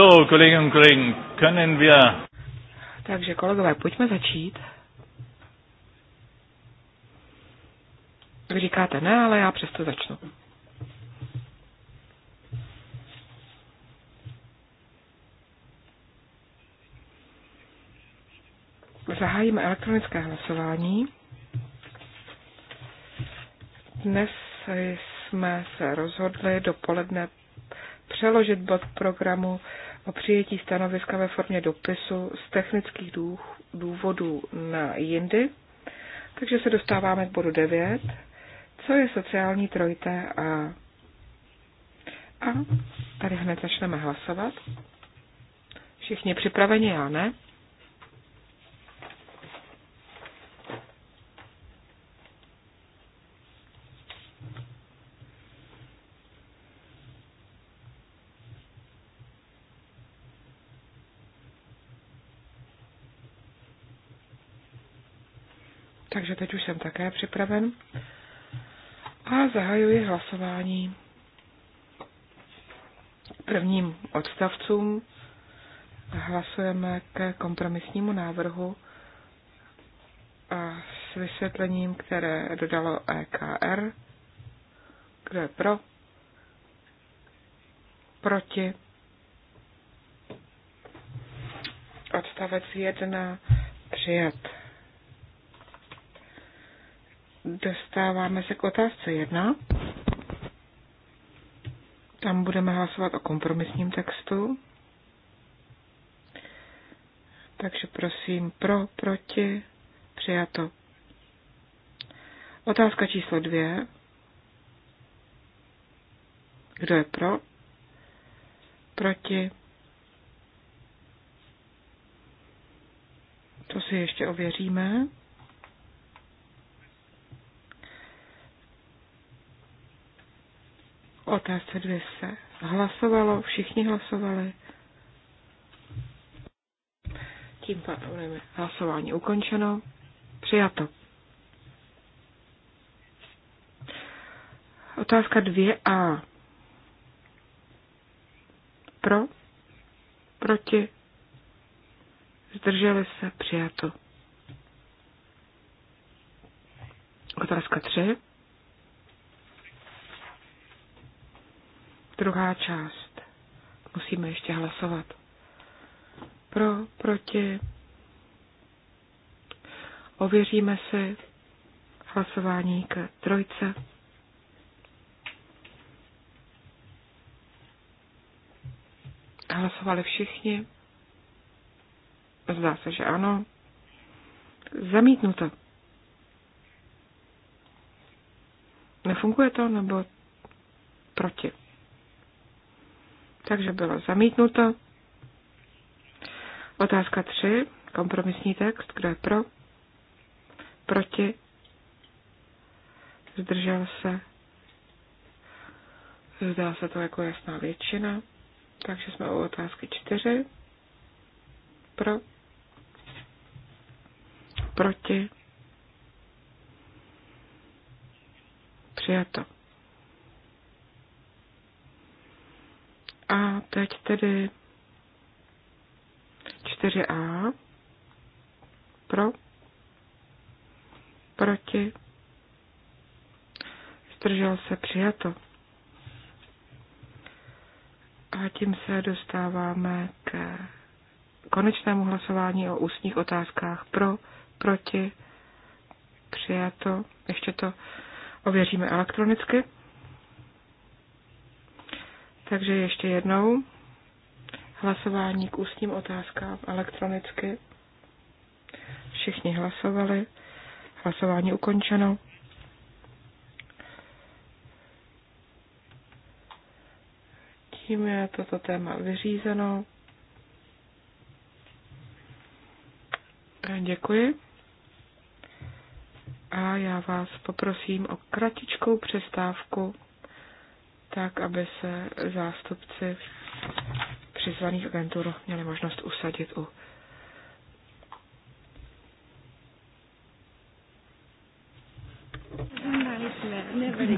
So, Kolleginnen und Kollegen, können wir... Takže kolegové, pojďme začít. Vy říkáte ne, ale já přesto začnu. Zahájíme elektronické hlasování. Dnes jsme se rozhodli dopoledne přeložit bod programu o přijetí stanoviska ve formě dopisu z technických důvodů na jindy. Takže se dostáváme k bodu 9. Co je sociální trojité a a tady hned začneme hlasovat. Všichni připraveni, já ne? takže teď už jsem také připraven. A zahajuji hlasování prvním odstavcům. Hlasujeme ke kompromisnímu návrhu a s vysvětlením, které dodalo EKR. Kdo je pro? Proti? Odstavec 1 přijat dostáváme se k otázce jedna. Tam budeme hlasovat o kompromisním textu. Takže prosím pro, proti, přijato. Otázka číslo dvě. Kdo je pro? Proti? To si ještě ověříme. otázce dvě se hlasovalo, všichni hlasovali. Tím pádem hlasování ukončeno. Přijato. Otázka 2a. Pro? Proti? Zdrželi se? Přijato. Otázka 3. Druhá část. Musíme ještě hlasovat. Pro, proti. Ověříme si hlasování k trojce. Hlasovali všichni. Zdá se, že ano. Zamítnuto. Nefunguje to, nebo proti? takže bylo zamítnuto. Otázka 3, kompromisní text, kdo je pro, proti, zdržel se, zdá se to jako jasná většina, takže jsme u otázky 4, pro, proti, přijato. A teď tedy 4a pro, proti, zdržel se přijato. A tím se dostáváme k konečnému hlasování o ústních otázkách pro, proti, přijato. Ještě to ověříme elektronicky. Takže ještě jednou hlasování k ústním otázkám elektronicky. Všichni hlasovali. Hlasování ukončeno. Tím je toto téma vyřízeno. Děkuji. A já vás poprosím o kratičkou přestávku tak aby se zástupci přizvaných agentur měli možnost usadit u never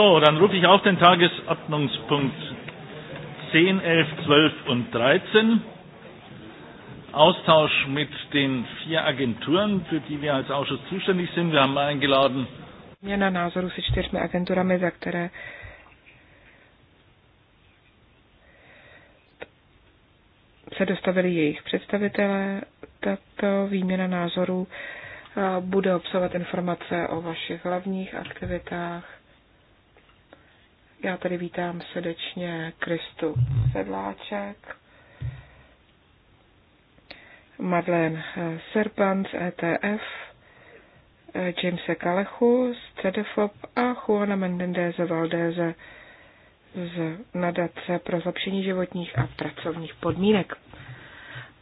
So, dann rufe ich auf den Tagesordnungspunkt 10, 11, 12 und 13. Austausch mit den vier Agenturen, für die wir als Ausschuss zuständig sind. Wir haben eingeladen. Měna názoru se čtyřmi agenturami, za které se dostavili jejich představitelé. Tato výměna názorů eh, bude obsahovat informace o vašich hlavních aktivitách, já tady vítám srdečně Kristu Sedláček, Madlen eh, Serban z ETF, eh, Jamese Kalechu z CDFOP a Juana Mendendéze Valdéze z nadace pro zlepšení životních a pracovních podmínek.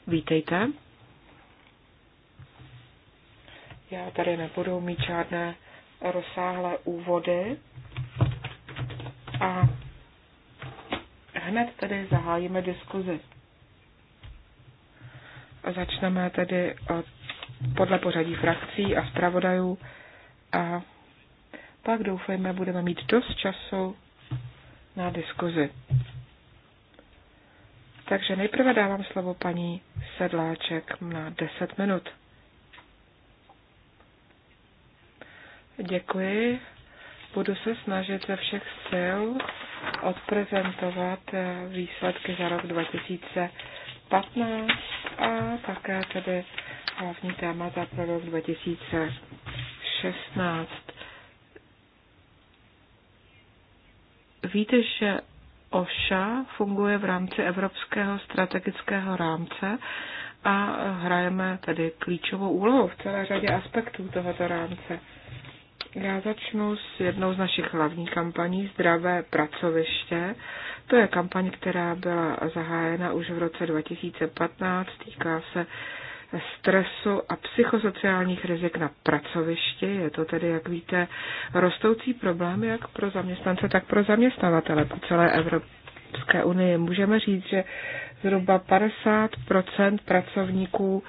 Vítejte. Já tady nebudu mít žádné rozsáhlé úvody, a hned tedy zahájíme diskuzi. Začneme tedy od, podle pořadí frakcí a zpravodajů a pak doufejme, budeme mít dost času na diskuzi. Takže nejprve dávám slovo paní Sedláček na 10 minut. Děkuji, Budu se snažit ze všech sil odprezentovat eh, výsledky za rok 2015 a také tedy hlavní témata pro rok 2016. Víte, že OŠA funguje v rámci Evropského strategického rámce a hrajeme tedy klíčovou úlohu v celé řadě aspektů tohoto rámce. Já začnu s jednou z našich hlavních kampaní Zdravé pracoviště. To je kampaň, která byla zahájena už v roce 2015. Týká se stresu a psychosociálních rizik na pracovišti. Je to tedy, jak víte, rostoucí problém jak pro zaměstnance, tak pro zaměstnavatele po celé Evropské unii. Můžeme říct, že zhruba 50 pracovníků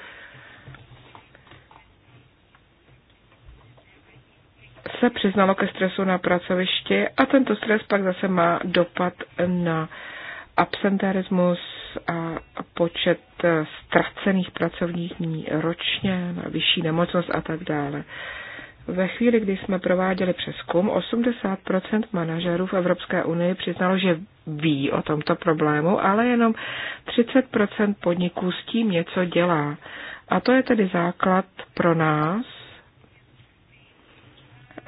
se přiznalo ke stresu na pracovišti a tento stres pak zase má dopad na absentérismus a počet eh, ztracených pracovních dní ročně, na vyšší nemocnost a tak dále. Ve chvíli, kdy jsme prováděli přeskum, 80% manažerů v Evropské unii přiznalo, že ví o tomto problému, ale jenom 30% podniků s tím něco dělá. A to je tedy základ pro nás,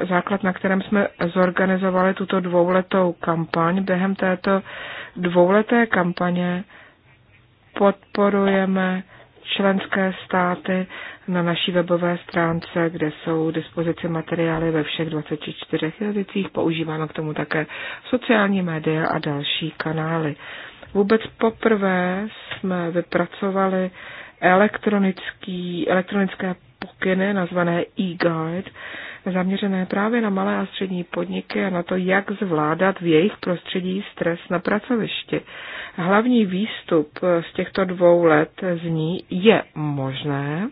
základ, na kterém jsme zorganizovali tuto dvouletou kampaň. Během této dvouleté kampaně podporujeme členské státy na naší webové stránce, kde jsou dispozici materiály ve všech 24 jazycích. Používáme k tomu také sociální média a další kanály. Vůbec poprvé jsme vypracovali elektronické pokyny nazvané e-guide, zaměřené právě na malé a střední podniky a na to, jak zvládat v jejich prostředí stres na pracovišti. Hlavní výstup z těchto dvou let zní, je možné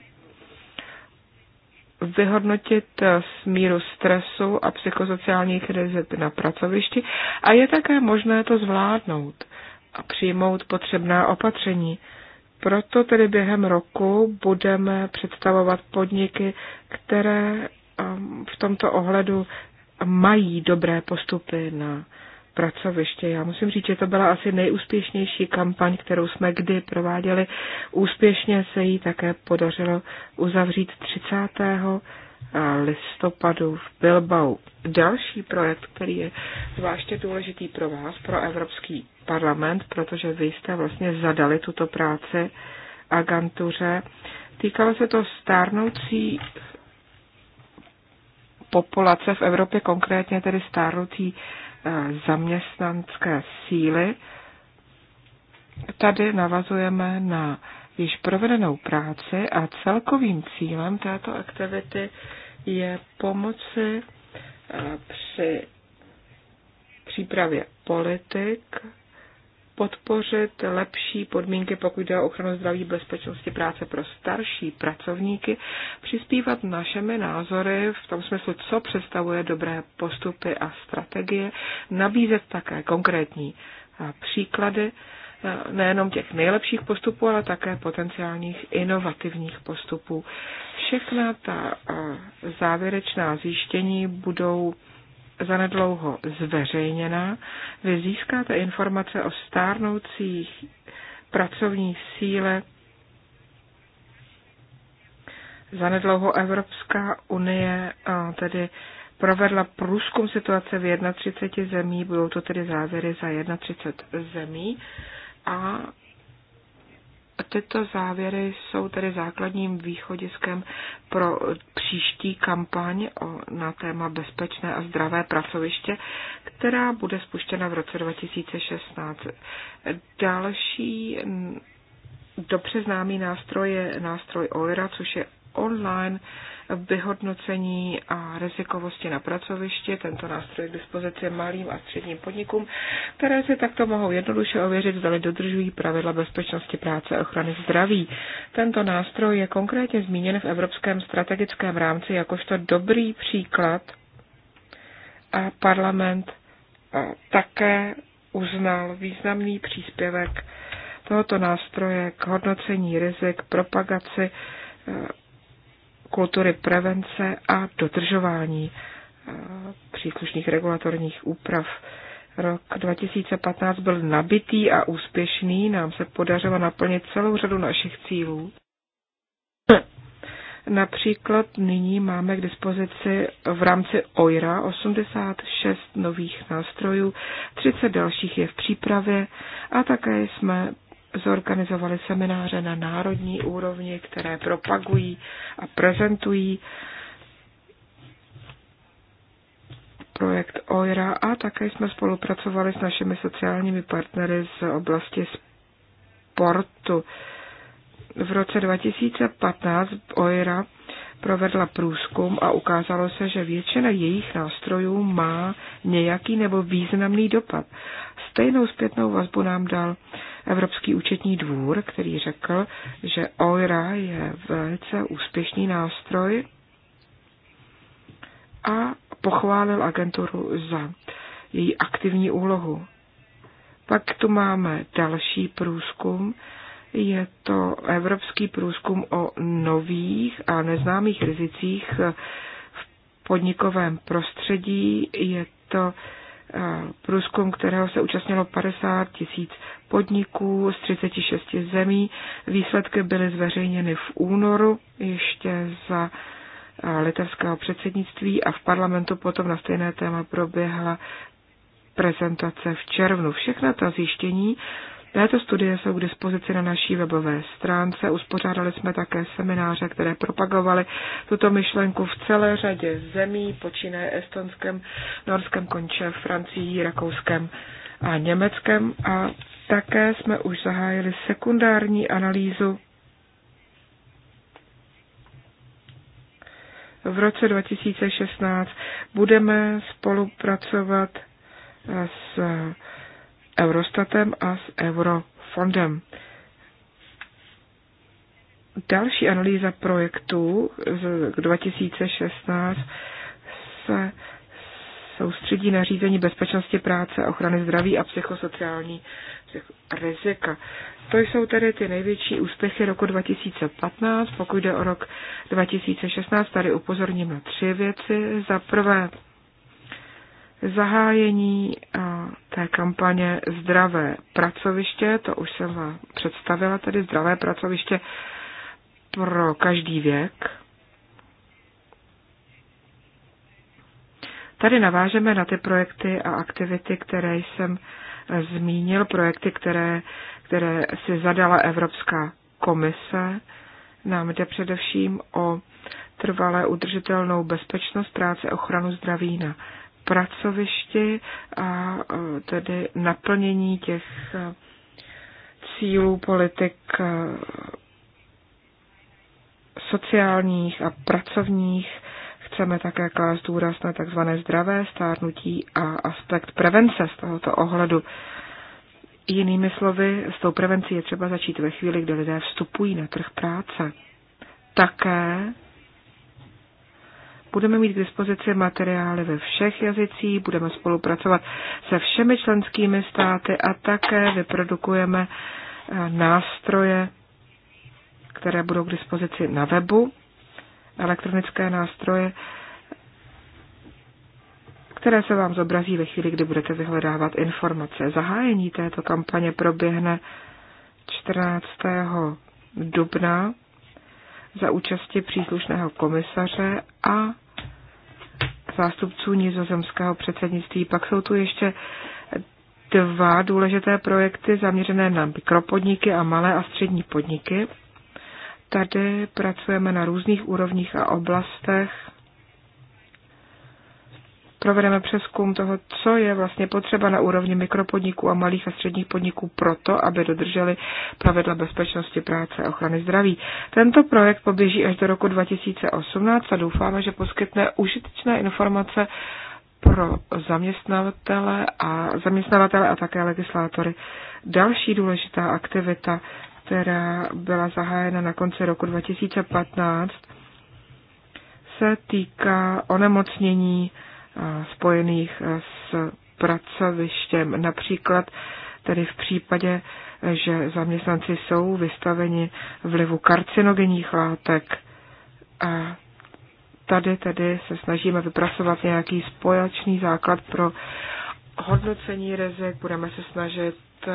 vyhodnotit smíru stresu a psychosociálních rizik na pracovišti a je také možné to zvládnout a přijmout potřebná opatření. Proto tedy během roku budeme představovat podniky, které v tomto ohledu mají dobré postupy na pracoviště. Já musím říct, že to byla asi nejúspěšnější kampaň, kterou jsme kdy prováděli. Úspěšně se jí také podařilo uzavřít 30. listopadu v Bilbao. Další projekt, který je zvláště důležitý pro vás, pro Evropský parlament, protože vy jste vlastně zadali tuto práci agentuře. Týkalo se to stárnoucí populace v Evropě, konkrétně tedy stárnutí eh, zaměstnanské síly. Tady navazujeme na již provedenou práci a celkovým cílem této aktivity je pomoci eh, při přípravě politik podpořit lepší podmínky, pokud jde o ochranu zdraví, bezpečnosti práce pro starší pracovníky, přispívat našemi názory v tom smyslu, co představuje dobré postupy a strategie, nabízet také konkrétní eh, příklady eh, nejenom těch nejlepších postupů, ale také potenciálních inovativních postupů. Všechna ta eh, závěrečná zjištění budou zanedlouho zveřejněna. Vy získáte informace o stárnoucích pracovní síle. Zanedlouho Evropská unie tedy provedla průzkum situace v 31 zemí, budou to tedy závěry za 31 zemí a tyto závěry jsou tedy základním východiskem pro příští kampaň o, na téma bezpečné a zdravé pracoviště, která bude spuštěna v roce 2016. Další dobře známý nástroj je nástroj OIRA, což je online vyhodnocení a rizikovosti na pracovišti. Tento nástroj je k dispozici malým a středním podnikům, které si takto mohou jednoduše ověřit, zda dodržují pravidla bezpečnosti práce a ochrany zdraví. Tento nástroj je konkrétně zmíněn v Evropském strategickém rámci jakožto dobrý příklad a parlament také uznal významný příspěvek tohoto nástroje k hodnocení rizik, propagaci kultury prevence a dodržování eh, příslušných regulatorních úprav. Rok 2015 byl nabitý a úspěšný, nám se podařilo naplnit celou řadu našich cílů. Například nyní máme k dispozici v rámci OIRA 86 nových nástrojů, 30 dalších je v přípravě a také jsme zorganizovali semináře na národní úrovni, které propagují a prezentují projekt OIRA a také jsme spolupracovali s našimi sociálními partnery z oblasti sportu. V roce 2015 OIRA provedla průzkum a ukázalo se, že většina jejich nástrojů má nějaký nebo významný dopad. Stejnou zpětnou vazbu nám dal Evropský účetní dvůr, který řekl, že OIRA je velice úspěšný nástroj a pochválil agenturu za její aktivní úlohu. Pak tu máme další průzkum, je to evropský průzkum o nových a neznámých rizicích v podnikovém prostředí. Je to eh, průzkum, kterého se účastnilo 50 tisíc podniků z 36 zemí. Výsledky byly zveřejněny v únoru ještě za eh, litevského předsednictví a v parlamentu potom na stejné téma proběhla prezentace v červnu. Všechna ta zjištění této studie jsou k dispozici na naší webové stránce. Uspořádali jsme také semináře, které propagovaly tuto myšlenku v celé řadě zemí, počínaje Estonskem, Norskem, Konče, Francií, Rakouskem a Německem. A také jsme už zahájili sekundární analýzu v roce 2016 budeme spolupracovat s Eurostatem a s Eurofondem. Další analýza projektů z 2016 se soustředí na řízení bezpečnosti práce, ochrany zdraví a psychosociální rizika. To jsou tedy ty největší úspěchy roku 2015. Pokud jde o rok 2016, tady upozorním na tři věci. Za prvé, Zahájení té kampaně Zdravé pracoviště, to už jsem vám představila, tedy Zdravé pracoviště pro každý věk. Tady navážeme na ty projekty a aktivity, které jsem e, zmínil, projekty, které, které si zadala Evropská komise. Nám jde především o trvalé udržitelnou bezpečnost práce, ochranu zdraví na pracovišti a tedy naplnění těch cílů politik sociálních a pracovních. Chceme také klást důraz na tzv. zdravé stárnutí a aspekt prevence z tohoto ohledu. Jinými slovy, s tou prevencí je třeba začít ve chvíli, kdy lidé vstupují na trh práce. Také Budeme mít k dispozici materiály ve všech jazycích, budeme spolupracovat se všemi členskými státy a také vyprodukujeme eh, nástroje, které budou k dispozici na webu, elektronické nástroje, které se vám zobrazí ve chvíli, kdy budete vyhledávat informace. Zahájení této kampaně proběhne 14. dubna za účasti příslušného komisaře a zástupců nizozemského předsednictví. Pak jsou tu ještě dva důležité projekty zaměřené na mikropodniky a malé a střední podniky. Tady pracujeme na různých úrovních a oblastech provedeme přeskum toho, co je vlastně potřeba na úrovni mikropodniků a malých a středních podniků proto, aby dodrželi pravidla bezpečnosti práce a ochrany zdraví. Tento projekt poběží až do roku 2018 a doufáme, že poskytne užitečné informace pro zaměstnavatele a zaměstnavatele a také legislátory. Další důležitá aktivita, která byla zahájena na konci roku 2015, se týká onemocnění spojených e, s pracovištěm. Například tedy v případě, že zaměstnanci jsou vystaveni vlivu karcinogenních látek. A tady tedy se snažíme vypracovat nějaký spojačný základ pro hodnocení rizik, budeme se snažit e,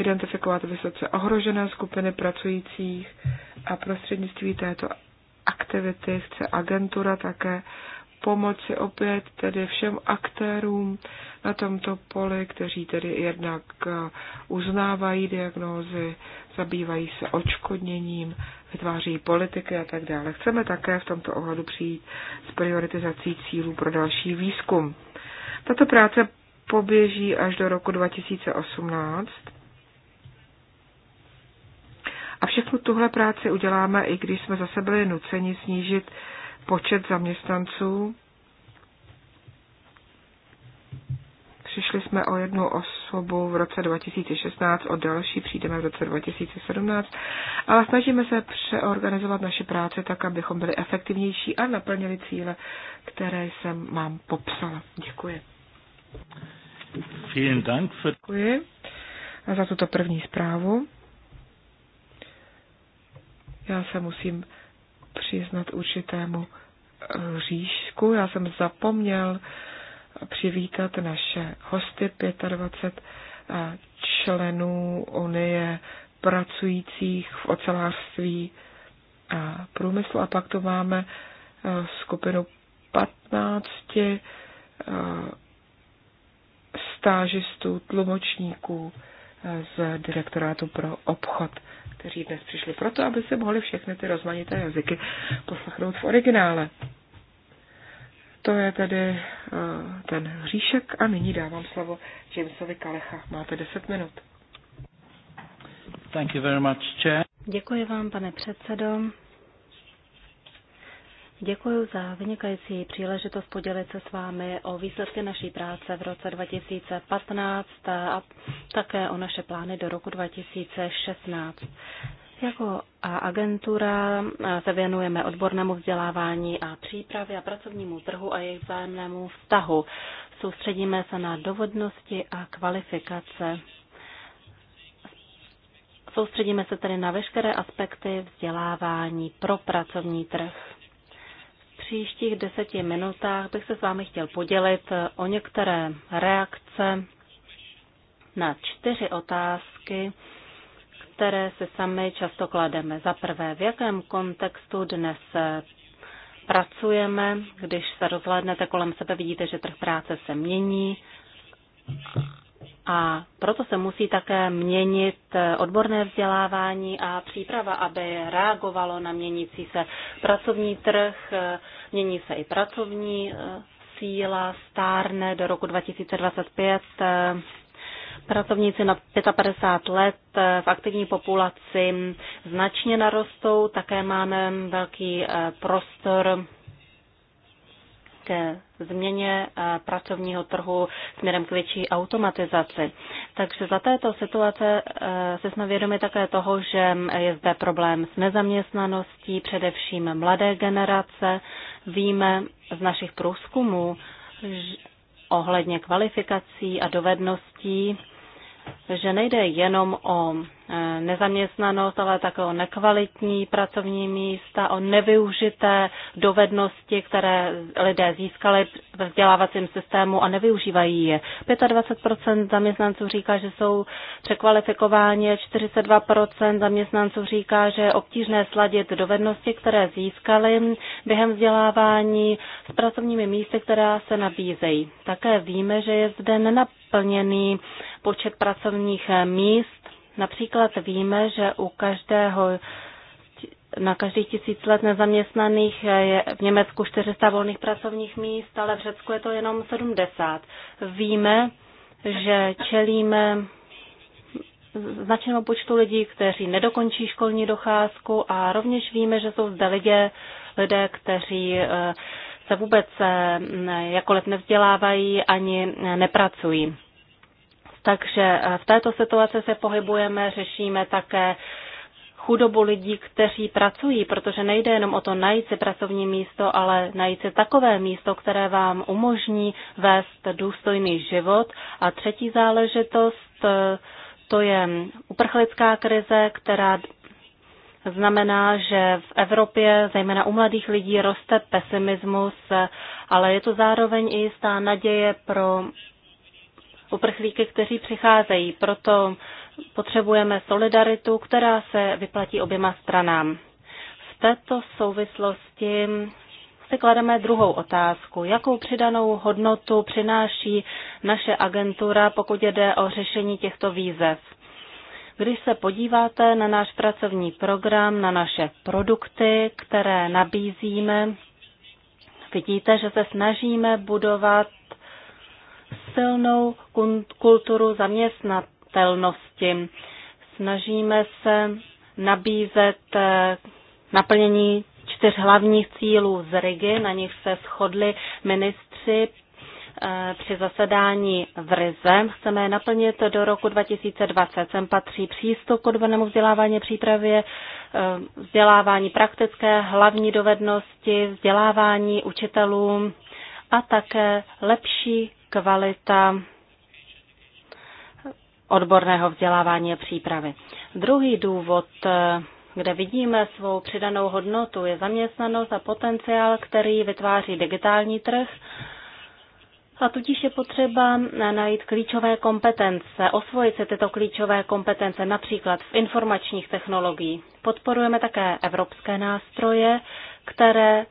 identifikovat vysoce ohrožené skupiny pracujících a prostřednictví této aktivity chce agentura také pomoci opět tedy všem aktérům na tomto poli, kteří tedy jednak eh, uznávají diagnózy, zabývají se očkodněním, vytváří politiky a tak dále. Chceme také v tomto ohledu přijít s prioritizací cílů pro další výzkum. Tato práce poběží až do roku 2018. A všechnu tuhle práci uděláme, i když jsme zase byli nuceni snížit počet zaměstnanců. Přišli jsme o jednu osobu v roce 2016, o další přijdeme v roce 2017, ale snažíme se přeorganizovat naše práce tak, abychom byli efektivnější a naplnili cíle, které jsem mám popsala. Děkuji. Dank für... Děkuji za tuto první zprávu. Já se musím přiznat určitému eh, říšku. Já jsem zapomněl přivítat naše hosty 25 eh, členů Unie pracujících v ocelářství a průmyslu. A pak tu máme eh, skupinu 15 stážistů, tlumočníků z direktorátu pro obchod kteří dnes přišli proto, aby se mohli všechny ty rozmanité jazyky poslechnout v originále. To je tedy eh, ten hříšek a nyní dávám slovo Jamesovi Kalecha. Máte 10 minut. Thank you very much, Chair. Děkuji vám, pane předsedo. Děkuji za vynikající příležitost podělit se s vámi o výsledky naší práce v roce 2015 a také o naše plány do roku 2016. Jako agentura se věnujeme odbornému vzdělávání a přípravě a pracovnímu trhu a jejich vzájemnému vztahu. Soustředíme se na dovodnosti a kvalifikace. Soustředíme se tedy na veškeré aspekty vzdělávání pro pracovní trh příštích deseti minutách bych se s vámi chtěl podělit o některé reakce na čtyři otázky, které se sami často klademe. Za prvé, v jakém kontextu dnes pracujeme, když se rozhlédnete kolem sebe, vidíte, že trh práce se mění a proto se musí také měnit odborné vzdělávání a příprava, aby reagovalo na měnící se pracovní trh, mění se i pracovní eh, síla, stárne do roku 2025. Eh, pracovníci na 55 let eh, v aktivní populaci značně narostou, také máme velký prostor ke změně eh, pracovního trhu směrem k větší automatizaci. Takže za této situace eh, se jsme vědomi také toho, že je zde problém s nezaměstnaností, především mladé generace. Víme z našich průzkumů ohledně kvalifikací a dovedností, že nejde jenom o nezaměstnanost, ale také o nekvalitní pracovní místa, o nevyužité dovednosti, které lidé získali ve vzdělávacím systému a nevyužívají je. 25 zaměstnanců říká, že jsou překvalifikováni, 42 zaměstnanců říká, že je obtížné sladit dovednosti, které získali během vzdělávání s pracovními místy, která se nabízejí. Také víme, že je zde nenaplněný počet pracovních míst Například víme, že u každého na každých tisíc let nezaměstnaných je v Německu 400 volných pracovních míst, ale v Řecku je to jenom 70. Víme, že čelíme značnému počtu lidí, kteří nedokončí školní docházku a rovněž víme, že jsou zde lidé, lidé kteří eh, se vůbec eh, jakkoliv nevzdělávají ani nepracují. Takže eh, v této situaci se pohybujeme, řešíme také chudobu lidí, kteří pracují, protože nejde jenom o to najít si pracovní místo, ale najít si takové místo, které vám umožní vést důstojný život. A třetí záležitost, eh, to je uprchlická krize, která znamená, že v Evropě, zejména u mladých lidí, roste pesimismus, eh, ale je to zároveň i jistá naděje pro uprchlíky, kteří přicházejí. Proto potřebujeme solidaritu, která se vyplatí oběma stranám. V této souvislosti si klademe druhou otázku. Jakou přidanou hodnotu přináší naše agentura, pokud jde o řešení těchto výzev? Když se podíváte na náš pracovní program, na naše produkty, které nabízíme, vidíte, že se snažíme budovat silnou kulturu zaměstnatelnosti. Snažíme se nabízet eh, naplnění čtyř hlavních cílů z Rigy, na nich se shodli ministři eh, při zasedání v Rize. Chceme je naplnit do roku 2020. Sem patří přístup k odbornému vzdělávání přípravě, eh, vzdělávání praktické, hlavní dovednosti, vzdělávání učitelům a také lepší kvalita odborného vzdělávání a přípravy. Druhý důvod, kde vidíme svou přidanou hodnotu, je zaměstnanost a potenciál, který vytváří digitální trh. A tudíž je potřeba najít klíčové kompetence, osvojit se tyto klíčové kompetence například v informačních technologiích. Podporujeme také evropské nástroje, které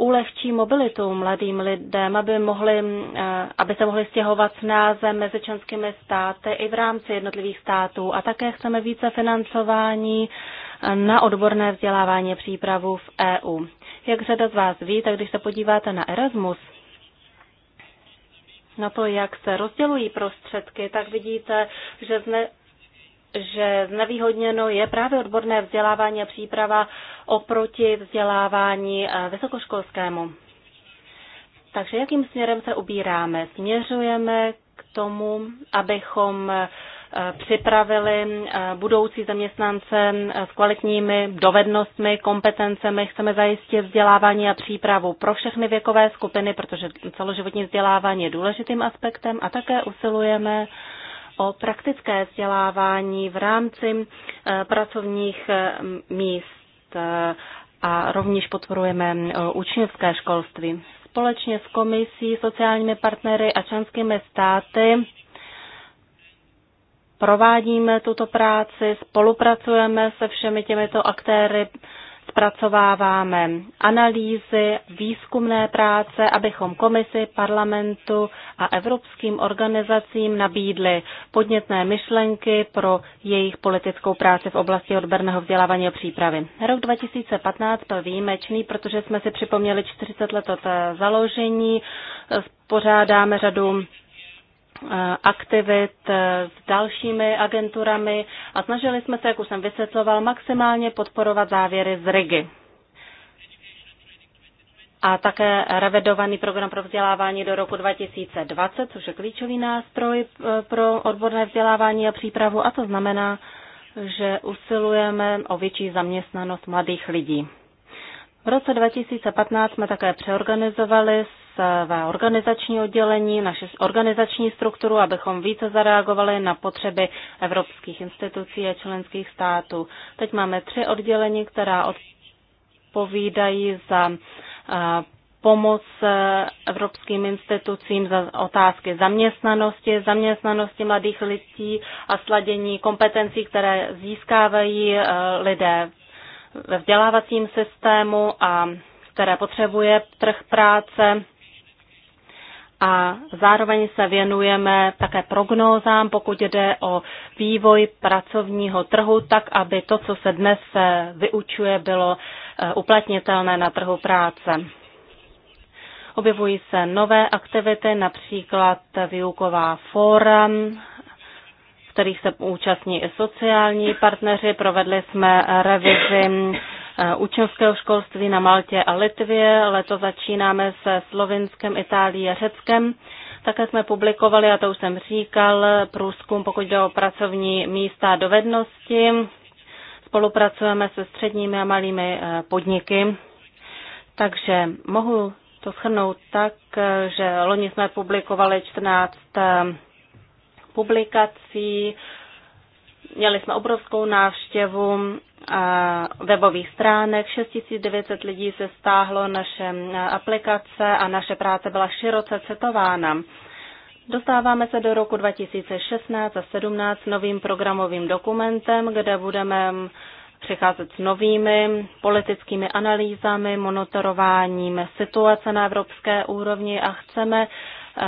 ulehčí mobilitu mladým lidem, aby, mohli, eh, aby se mohli stěhovat snáze mezi členskými státy i v rámci jednotlivých států. A také chceme více financování eh, na odborné vzdělávání přípravu v EU. Jak řada z vás ví, tak když se podíváte na Erasmus, na to, jak se rozdělují prostředky, tak vidíte, že z, že znevýhodněno je právě odborné vzdělávání a příprava oproti vzdělávání eh, vysokoškolskému. Takže jakým směrem se ubíráme? Směřujeme k tomu, abychom eh, připravili eh, budoucí zaměstnance s kvalitními dovednostmi, kompetencemi. Chceme zajistit vzdělávání a přípravu pro všechny věkové skupiny, protože celoživotní vzdělávání je důležitým aspektem a také usilujeme o praktické vzdělávání v rámci eh, pracovních eh, míst eh, a rovněž podporujeme učňovské školství. Společně s komisí, sociálními partnery a členskými státy provádíme tuto práci, spolupracujeme se všemi těmito aktéry zpracováváme analýzy, výzkumné práce, abychom komisi, parlamentu a evropským organizacím nabídli podnětné myšlenky pro jejich politickou práci v oblasti odborného vzdělávání a přípravy. Rok 2015 byl výjimečný, protože jsme si připomněli 40 let od založení, pořádáme řadu aktivit eh, s dalšími agenturami a snažili jsme se, jak už jsem vysvětloval, maximálně podporovat závěry z RIGY. A také revidovaný program pro vzdělávání do roku 2020, což je klíčový nástroj eh, pro odborné vzdělávání a přípravu. A to znamená, že usilujeme o větší zaměstnanost mladých lidí. V roce 2015 jsme také přeorganizovali své organizační oddělení, naše organizační strukturu, abychom více zareagovali na potřeby evropských institucí a členských států. Teď máme tři oddělení, která odpovídají za eh, pomoc eh, evropským institucím za otázky zaměstnanosti, zaměstnanosti mladých lidí a sladění kompetencí, které získávají eh, lidé ve vzdělávacím systému a které potřebuje trh práce a zároveň se věnujeme také prognózám, pokud jde o vývoj pracovního trhu, tak aby to, co se dnes eh, vyučuje, bylo eh, uplatnitelné na trhu práce. Objevují se nové aktivity, například výuková fóra, v kterých se účastní i sociální partneři. Provedli jsme revizi Eh, učňovského školství na Maltě a Litvě. Leto začínáme se Slovinskem, Itálií a Řeckem. Také jsme publikovali, a to už jsem říkal, průzkum, pokud jde o pracovní místa a dovednosti. Spolupracujeme se středními a malými eh, podniky. Takže mohu to shrnout tak, eh, že loni jsme publikovali 14 publikací, měli jsme obrovskou návštěvu webových stránek. 6900 lidí se stáhlo naše eh, aplikace a naše práce byla široce citována. Dostáváme se do roku 2016 a 17 novým programovým dokumentem, kde budeme mm, přicházet s novými politickými analýzami, monitorováním situace na evropské úrovni a chceme eh,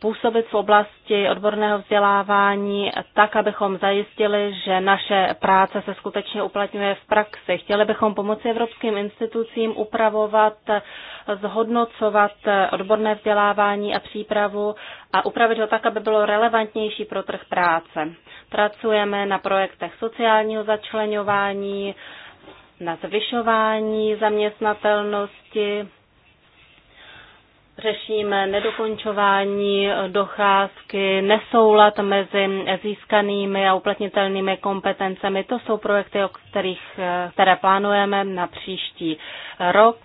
působit v oblasti odborného vzdělávání tak, abychom zajistili, že naše práce se skutečně uplatňuje v praxi. Chtěli bychom pomoci evropským institucím upravovat, zhodnocovat odborné vzdělávání a přípravu a upravit ho tak, aby bylo relevantnější pro trh práce. Pracujeme na projektech sociálního začlenování, na zvyšování zaměstnatelnosti, řešíme nedokončování docházky, nesoulad mezi získanými a uplatnitelnými kompetencemi. To jsou projekty, o kterých, které plánujeme na příští rok.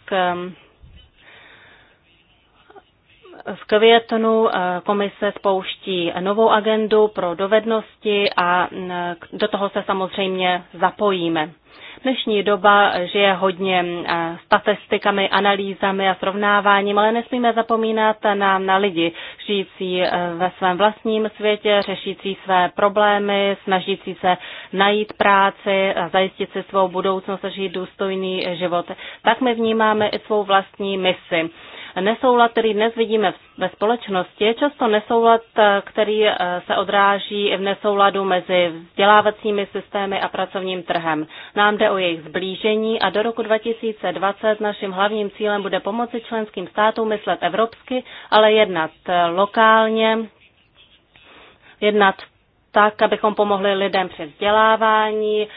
V květnu komise spouští novou agendu pro dovednosti a do toho se samozřejmě zapojíme. Dnešní doba žije hodně eh, statistikami, analýzami a srovnáváním, ale nesmíme zapomínat na, na lidi žijící eh, ve svém vlastním světě, řešící své problémy, snažící se najít práci, zajistit si svou budoucnost a žít důstojný život. Tak my vnímáme i svou vlastní misi nesoulad, který dnes vidíme ve společnosti, je často nesoulad, eh, který eh, se odráží i v nesouladu mezi vzdělávacími systémy a pracovním trhem. Nám jde o jejich zblížení a do roku 2020 naším hlavním cílem bude pomoci členským státům myslet evropsky, ale jednat eh, lokálně, jednat tak, abychom pomohli lidem při vzdělávání,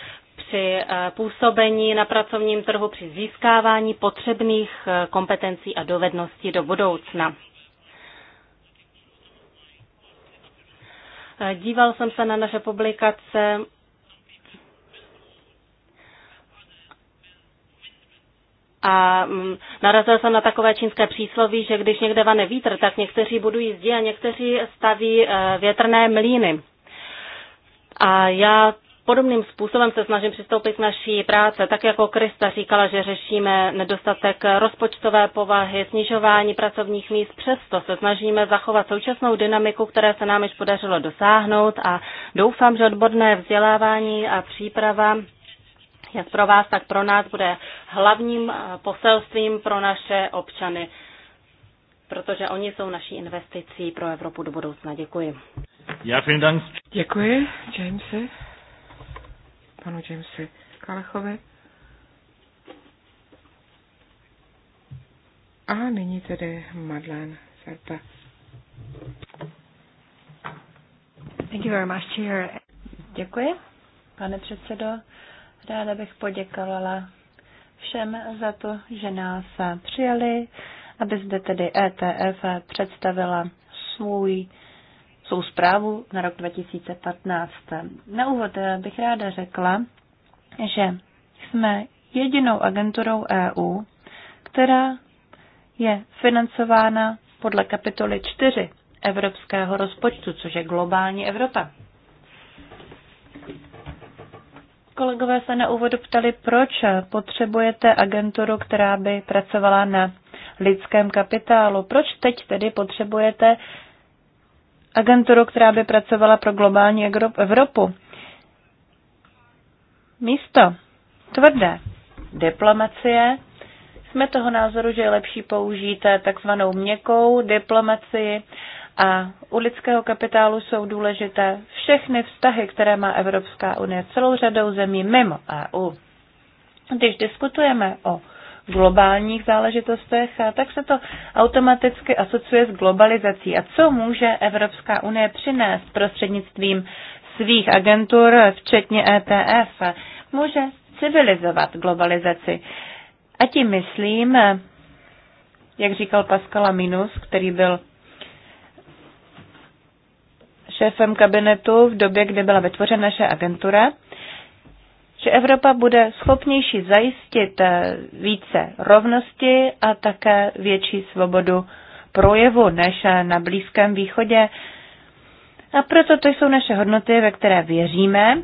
při eh, působení na pracovním trhu, při získávání potřebných eh, kompetencí a dovedností do budoucna. Eh, díval jsem se na naše publikace A mm, narazil jsem na takové čínské přísloví, že když někde vane vítr, tak někteří budují zdi a někteří staví větrné mlýny. A já Podobným způsobem se snažím přistoupit k naší práce, tak jako Krista říkala, že řešíme nedostatek rozpočtové povahy, snižování pracovních míst, přesto se snažíme zachovat současnou dynamiku, které se nám již podařilo dosáhnout a doufám, že odborné vzdělávání a příprava jak pro vás, tak pro nás bude hlavním poselstvím pro naše občany, protože oni jsou naší investicí pro Evropu do budoucna. Děkuji. Já Děkuji, Jamesy panu Jamesi Kalechovi. A nyní tedy Madeleine Serta. Thank you very much, Chair. Děkuji, pane předsedo. Ráda bych poděkovala všem za to, že nás přijali, aby zde tedy ETF představila svůj svou zprávu na rok 2015. Na úvod eh, bych ráda řekla, že jsme jedinou agenturou EU, která je financována podle kapitoly 4 evropského rozpočtu, což je globální Evropa. Kolegové se na úvodu ptali, proč potřebujete agenturu, která by pracovala na lidském kapitálu. Proč teď tedy potřebujete agenturu, která by pracovala pro globální Evropu. Místo tvrdé diplomacie jsme toho názoru, že je lepší použít takzvanou měkkou diplomacii a u lidského kapitálu jsou důležité všechny vztahy, které má Evropská unie celou řadou zemí mimo EU. Když diskutujeme o globálních záležitostech, tak se to automaticky asociuje s globalizací. A co může Evropská unie přinést prostřednictvím svých agentur, včetně ETF? Může civilizovat globalizaci. A tím myslím, jak říkal Pascala Minus, který byl šéfem kabinetu v době, kdy byla vytvořena naše agentura, že Evropa bude schopnější zajistit eh, více rovnosti a také větší svobodu projevu než eh, na Blízkém východě. A proto to jsou naše hodnoty, ve které věříme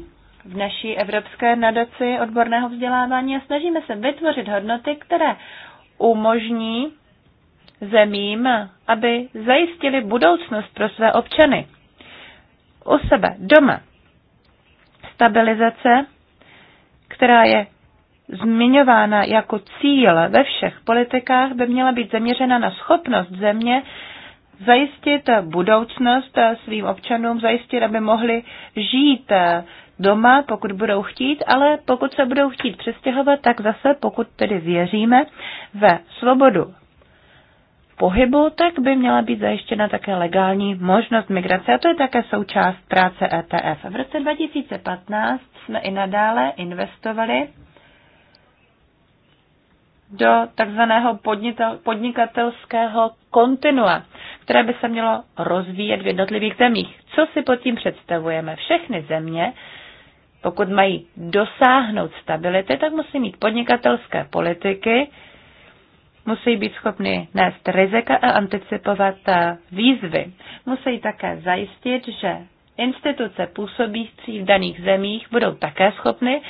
v naší evropské nadaci odborného vzdělávání a snažíme se vytvořit hodnoty, které umožní zemím, aby zajistili budoucnost pro své občany. U sebe, doma. Stabilizace která je zmiňována jako cíl ve všech politikách, by měla být zaměřena na schopnost země zajistit budoucnost svým občanům, zajistit, aby mohli žít doma, pokud budou chtít, ale pokud se budou chtít přestěhovat, tak zase, pokud tedy věříme ve svobodu pohybu, tak by měla být zajištěna také legální možnost migrace a to je také součást práce ETF. V roce 2015 jsme i nadále investovali do takzvaného podnikatelského kontinua, které by se mělo rozvíjet v jednotlivých zemích. Co si pod tím představujeme? Všechny země, pokud mají dosáhnout stability, tak musí mít podnikatelské politiky, musí být schopni nést rizika a anticipovat eh, výzvy. Musí také zajistit, že instituce působící v daných zemích budou také schopny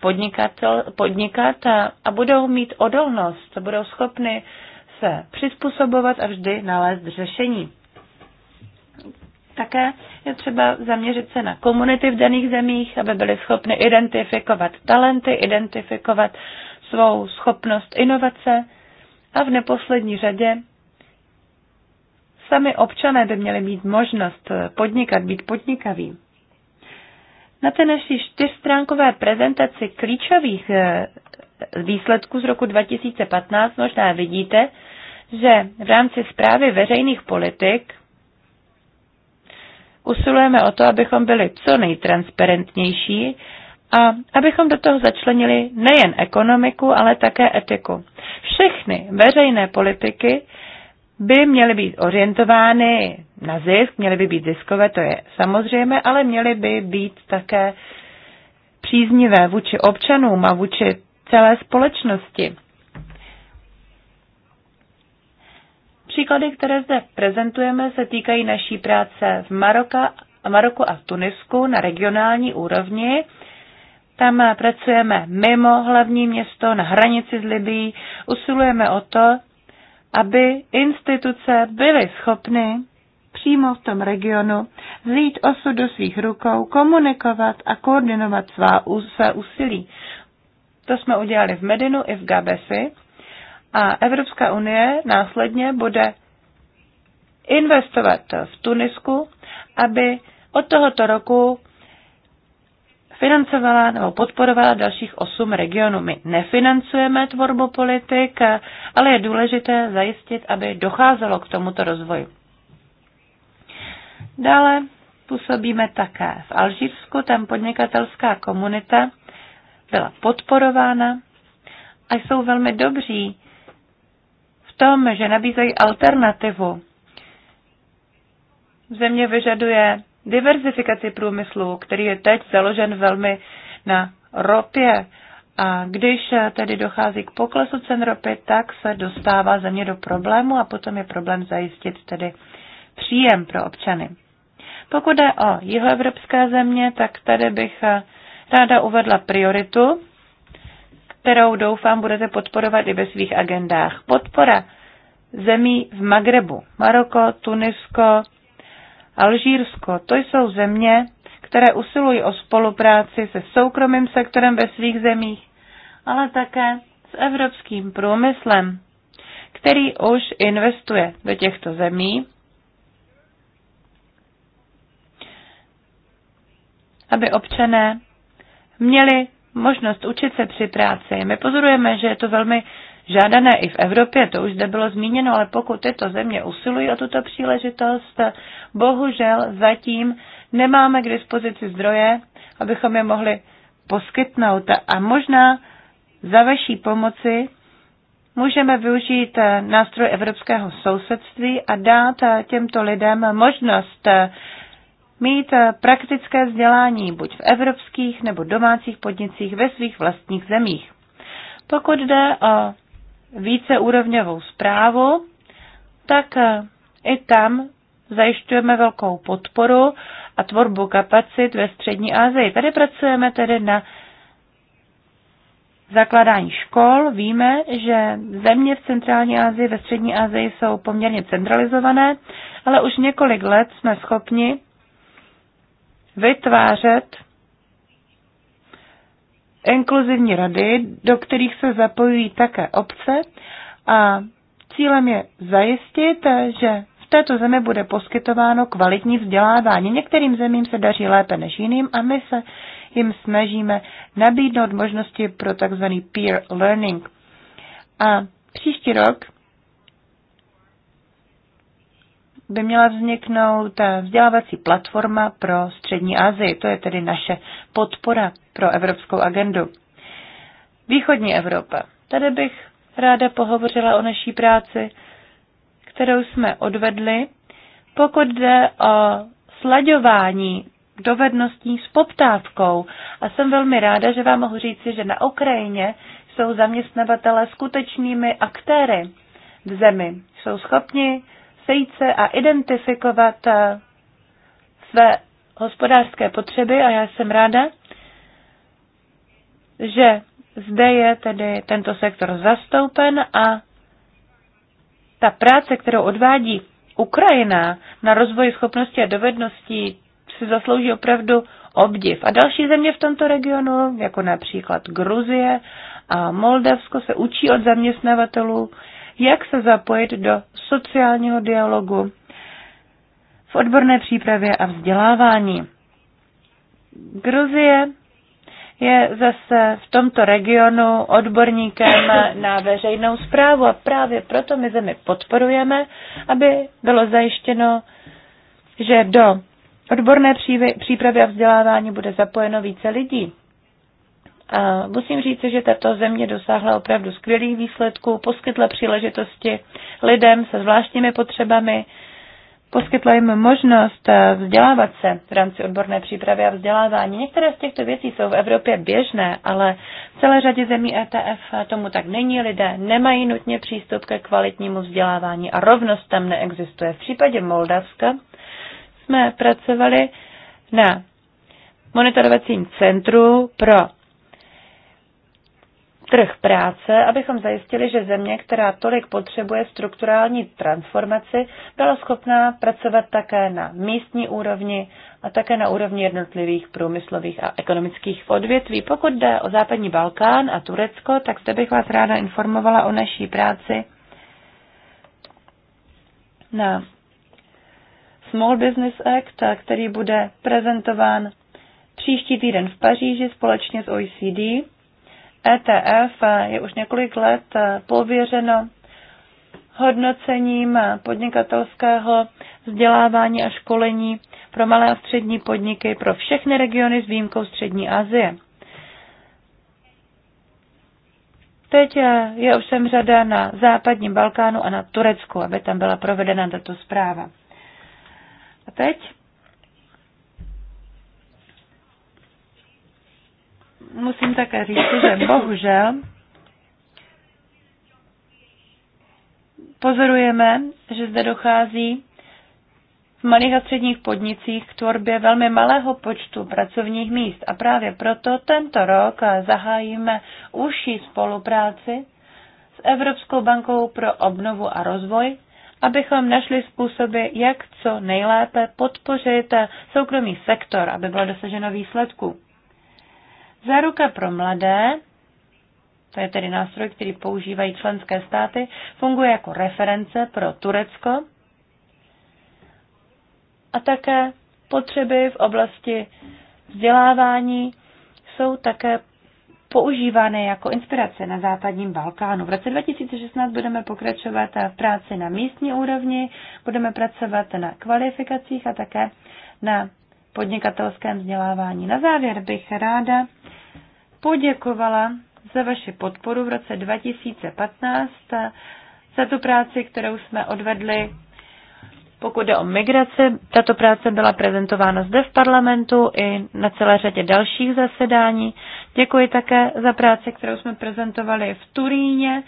podnikat, podnikat a, eh, a budou mít odolnost, budou schopny se přizpůsobovat a vždy nalézt řešení. Také je třeba zaměřit se na komunity v daných zemích, aby byly schopny identifikovat talenty, identifikovat svou schopnost inovace a v neposlední řadě sami občané by měli mít možnost podnikat, být podnikaví. Na té naší čtyřstránkové prezentaci klíčových eh, výsledků z roku 2015 možná vidíte, že v rámci zprávy veřejných politik usilujeme o to, abychom byli co nejtransparentnější a abychom do toho začlenili nejen ekonomiku, ale také etiku. Všechny veřejné politiky by měly být orientovány na zisk, měly by být ziskové, to je samozřejmé, ale měly by být také příznivé vůči občanům a vůči celé společnosti. Příklady, které zde prezentujeme, se týkají naší práce v Maroka, Maroku a v Tunisku na regionální úrovni tam pracujeme mimo hlavní město, na hranici s Libií. Usilujeme o to, aby instituce byly schopny přímo v tom regionu vzít osud do svých rukou, komunikovat a koordinovat svá, své úsilí. To jsme udělali v Medinu i v Gabesi a Evropská unie následně bude investovat v Tunisku, aby od tohoto roku financovala nebo podporovala dalších osm regionů. My nefinancujeme tvorbu politik, ale je důležité zajistit, aby docházelo k tomuto rozvoji. Dále působíme také v Alžírsku, tam podnikatelská komunita byla podporována a jsou velmi dobří v tom, že nabízejí alternativu. Země vyžaduje diverzifikaci průmyslu, který je teď založen velmi na ropě. A když tedy dochází k poklesu cen ropy, tak se dostává země do problému a potom je problém zajistit tedy příjem pro občany. Pokud jde o jihoevropské země, tak tady bych ráda uvedla prioritu, kterou doufám budete podporovat i ve svých agendách. Podpora zemí v Magrebu, Maroko, Tunisko, Alžírsko. To jsou země, které usilují o spolupráci se soukromým sektorem ve svých zemích, ale také s evropským průmyslem, který už investuje do těchto zemí, aby občané měli možnost učit se při práci. My pozorujeme, že je to velmi žádané i v Evropě, to už zde bylo zmíněno, ale pokud tyto země usilují o tuto příležitost, bohužel zatím nemáme k dispozici zdroje, abychom je mohli poskytnout. A možná za vaší pomoci můžeme využít nástroj evropského sousedství a dát těmto lidem možnost mít praktické vzdělání buď v evropských nebo domácích podnicích ve svých vlastních zemích. Pokud jde o víceúrovňovou zprávu, tak eh, i tam zajišťujeme velkou podporu a tvorbu kapacit ve střední Asii. Tady pracujeme tedy na zakládání škol. Víme, že země v centrální Asii, ve střední Asii jsou poměrně centralizované, ale už několik let jsme schopni vytvářet inkluzivní rady, do kterých se zapojují také obce a cílem je zajistit, že v této zemi bude poskytováno kvalitní vzdělávání. Některým zemím se daří lépe než jiným a my se jim snažíme nabídnout možnosti pro takzvaný peer learning. A příští rok by měla vzniknout vzdělávací platforma pro střední Asii. To je tedy naše podpora pro evropskou agendu. Východní Evropa. Tady bych ráda pohovořila o naší práci, kterou jsme odvedli, pokud jde o slaďování dovedností s poptávkou. A jsem velmi ráda, že vám mohu říci, že na Ukrajině jsou zaměstnavatele skutečnými aktéry v zemi. Jsou schopni sejít se a identifikovat eh, své hospodářské potřeby a já jsem ráda, že zde je tedy tento sektor zastoupen a ta práce, kterou odvádí Ukrajina na rozvoji schopností a dovedností, si zaslouží opravdu obdiv. A další země v tomto regionu, jako například Gruzie a Moldavsko, se učí od zaměstnavatelů, jak se zapojit do sociálního dialogu v odborné přípravě a vzdělávání. Gruzie je zase v tomto regionu odborníkem na veřejnou zprávu a právě proto my zemi podporujeme, aby bylo zajištěno, že do odborné přípravy a vzdělávání bude zapojeno více lidí. A musím říct, že tato země dosáhla opravdu skvělých výsledků, poskytla příležitosti lidem se zvláštními potřebami, poskytla jim možnost eh, vzdělávat se v rámci odborné přípravy a vzdělávání. Některé z těchto věcí jsou v Evropě běžné, ale v celé řadě zemí ETF eh, tomu tak není. Lidé nemají nutně přístup ke kvalitnímu vzdělávání a rovnost tam neexistuje. V případě Moldavska jsme pracovali na monitorovacím centru pro trh práce, abychom zajistili, že země, která tolik potřebuje strukturální transformaci, byla schopná pracovat také na místní úrovni a také na úrovni jednotlivých průmyslových a ekonomických odvětví. Pokud jde o západní Balkán a Turecko, tak zde bych vás ráda informovala o naší práci na Small Business Act, který bude prezentován příští týden v Paříži společně s OECD ETF je už několik let pověřeno hodnocením podnikatelského vzdělávání a školení pro malé a střední podniky pro všechny regiony s výjimkou Střední Asie. Teď je ovšem řada na západním Balkánu a na Turecku, aby tam byla provedena tato zpráva. A teď musím také říct, že bohužel pozorujeme, že zde dochází v malých a středních podnicích k tvorbě velmi malého počtu pracovních míst a právě proto tento rok zahájíme užší spolupráci s Evropskou bankou pro obnovu a rozvoj, abychom našli způsoby, jak co nejlépe podpořit soukromý sektor, aby bylo dosaženo výsledku. Záruka pro mladé, to je tedy nástroj, který používají členské státy, funguje jako reference pro Turecko a také potřeby v oblasti vzdělávání jsou také používány jako inspirace na západním Balkánu. V roce 2016 budeme pokračovat v práci na místní úrovni, budeme pracovat na kvalifikacích a také na podnikatelském vzdělávání. Na závěr bych ráda poděkovala za vaši podporu v roce 2015, za tu práci, kterou jsme odvedli. Pokud jde o migraci, tato práce byla prezentována zde v parlamentu i na celé řadě dalších zasedání. Děkuji také za práci, kterou jsme prezentovali v Turíně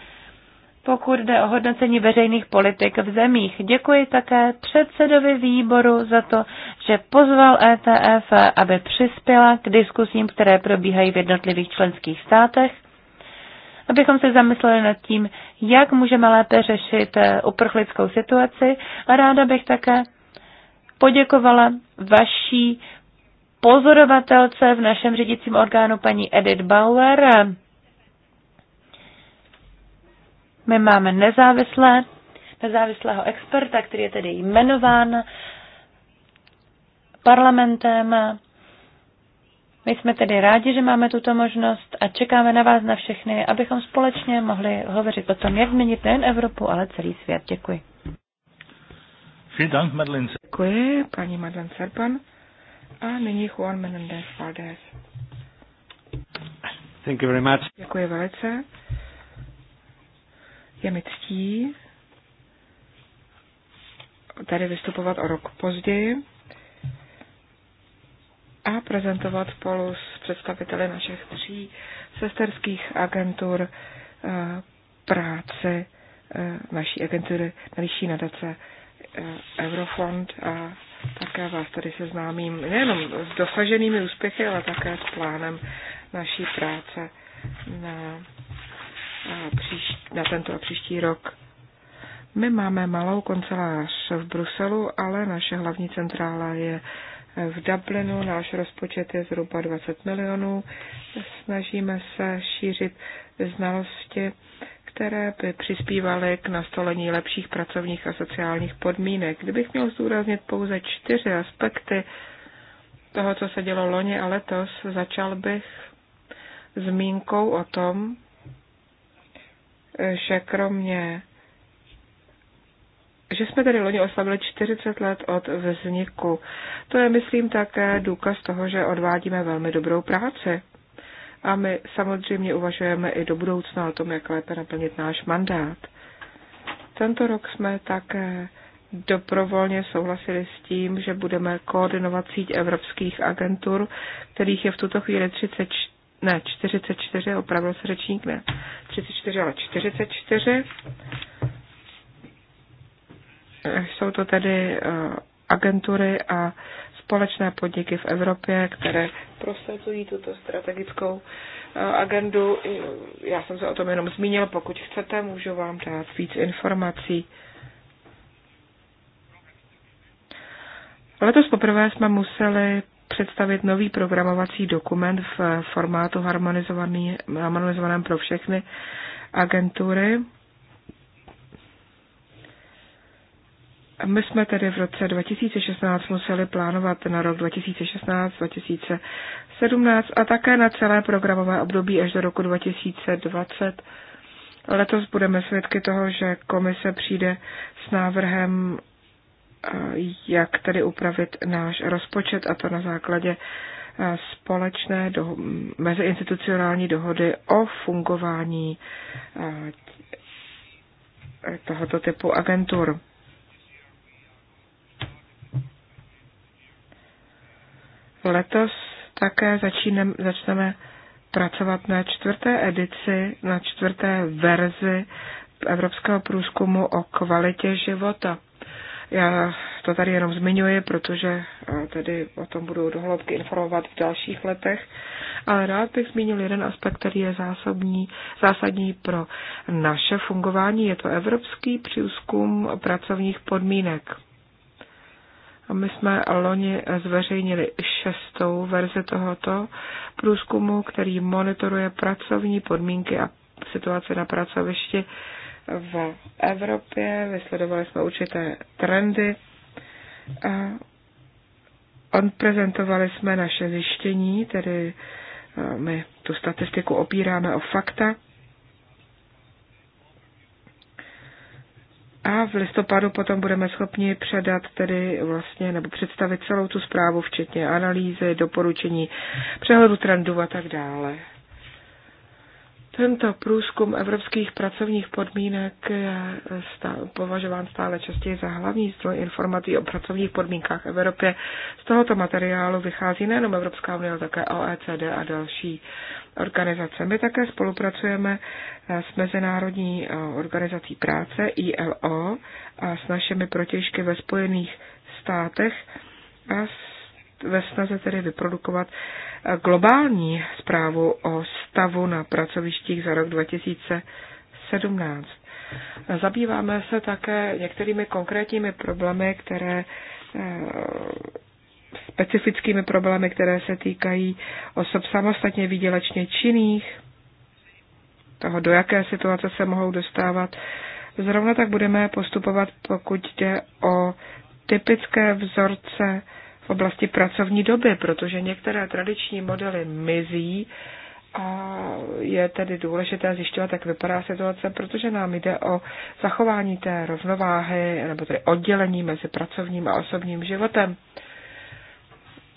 pokud jde o hodnocení veřejných politik v zemích. Děkuji také předsedovi výboru za to, že pozval ETF, aby přispěla k diskusím, které probíhají v jednotlivých členských státech, abychom se zamysleli nad tím, jak můžeme lépe řešit eh, uprchlickou situaci a ráda bych také poděkovala vaší pozorovatelce v našem řídícím orgánu paní Edith Bauer, my máme nezávislé, nezávislého experta, který je tedy jmenován parlamentem. My jsme tedy rádi, že máme tuto možnost a čekáme na vás na všechny, abychom společně mohli hovořit o tom, jak změnit nejen Evropu, ale celý svět. Děkuji. Děkuji, paní Madeleine Serpan. A nyní Juan Menendez Valdez. Děkuji velice. Je mi ctí tady vystupovat o rok později a prezentovat spolu s představiteli našich tří sesterských agentur eh, práce eh, naší agentury Nelíší nadace eh, Eurofond a také vás tady seznámím nejenom s dosaženými úspěchy, ale také s plánem naší práce na na tento a příští rok. My máme malou kancelář v Bruselu, ale naše hlavní centrála je v Dublinu. Náš rozpočet je zhruba 20 milionů. Snažíme se šířit znalosti, které by přispívaly k nastolení lepších pracovních a sociálních podmínek. Kdybych měl zdůraznit pouze čtyři aspekty toho, co se dělo loni a letos, začal bych zmínkou o tom, že kromě že jsme tady loni oslavili 40 let od vzniku. To je, myslím, také důkaz toho, že odvádíme velmi dobrou práci. A my samozřejmě uvažujeme i do budoucna o tom, jak lépe naplnit náš mandát. Tento rok jsme také dobrovolně souhlasili s tím, že budeme koordinovat síť evropských agentur, kterých je v tuto chvíli 34 ne, 44, opravil se řečník, ne, 34, ale 44. Jsou to tedy eh, agentury a společné podniky v Evropě, které prosazují tuto strategickou eh, agendu. Já jsem se o tom jenom zmínil, pokud chcete, můžu vám dát víc informací. Letos poprvé jsme museli představit nový programovací dokument v formátu harmonizovaný, harmonizovaném pro všechny agentury. My jsme tedy v roce 2016 museli plánovat na rok 2016, 2017 a také na celé programové období až do roku 2020. Letos budeme svědky toho, že komise přijde s návrhem jak tedy upravit náš rozpočet a to na základě e, společné do, meziinstitucionální dohody o fungování e, tohoto typu agentur. Letos také začínem, začneme pracovat na čtvrté edici, na čtvrté verzi evropského průzkumu o kvalitě života. Já to tady jenom zmiňuji, protože eh, tedy o tom budu dohloubky informovat v dalších letech. Ale rád bych zmínil jeden aspekt, který je zásadní, zásadní pro naše fungování. Je to evropský přízkum pracovních podmínek. A My jsme loni zveřejnili šestou verzi tohoto průzkumu, který monitoruje pracovní podmínky a situaci na pracovišti v Evropě, vysledovali jsme určité trendy a odprezentovali jsme naše zjištění, tedy eh, my tu statistiku opíráme o fakta. A v listopadu potom budeme schopni předat tedy vlastně, nebo představit celou tu zprávu, včetně analýzy, doporučení, přehledu trendů a tak dále. Tento průzkum evropských pracovních podmínek je považován stále častěji za hlavní zdroj informací o pracovních podmínkách v Evropě. Z tohoto materiálu vychází nejenom Evropská unie, ale také OECD a další organizace. My také spolupracujeme eh, s Mezinárodní eh, organizací práce ILO a s našimi protěžky ve Spojených státech a s ve snaze tedy vyprodukovat eh, globální zprávu o stavu na pracovištích za rok 2017. Zabýváme se také některými konkrétními problémy, které eh, specifickými problémy, které se týkají osob samostatně výdělečně činných, toho, do jaké situace se mohou dostávat. Zrovna tak budeme postupovat, pokud jde o typické vzorce v oblasti pracovní doby, protože některé tradiční modely mizí a je tedy důležité zjišťovat, jak vypadá situace, protože nám jde o zachování té rovnováhy nebo tedy oddělení mezi pracovním a osobním životem.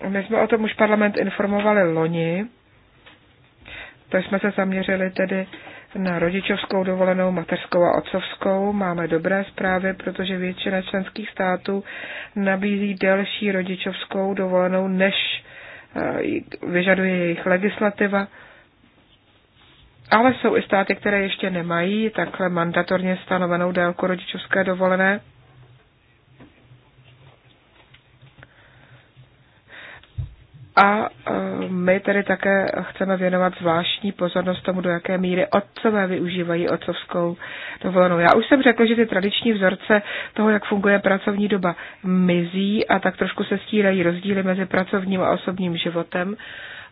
My jsme o tom už parlament informovali loni, to jsme se zaměřili tedy na rodičovskou dovolenou, mateřskou a otcovskou máme dobré zprávy, protože většina členských států nabízí delší rodičovskou dovolenou, než eh, vyžaduje jejich legislativa. Ale jsou i státy, které ještě nemají takhle mandatorně stanovenou délku rodičovské dovolené. A e, my tedy také chceme věnovat zvláštní pozornost tomu, do jaké míry otcové využívají otcovskou dovolenou. Já už jsem řekl, že ty tradiční vzorce toho, jak funguje pracovní doba, mizí a tak trošku se stírají rozdíly mezi pracovním a osobním životem.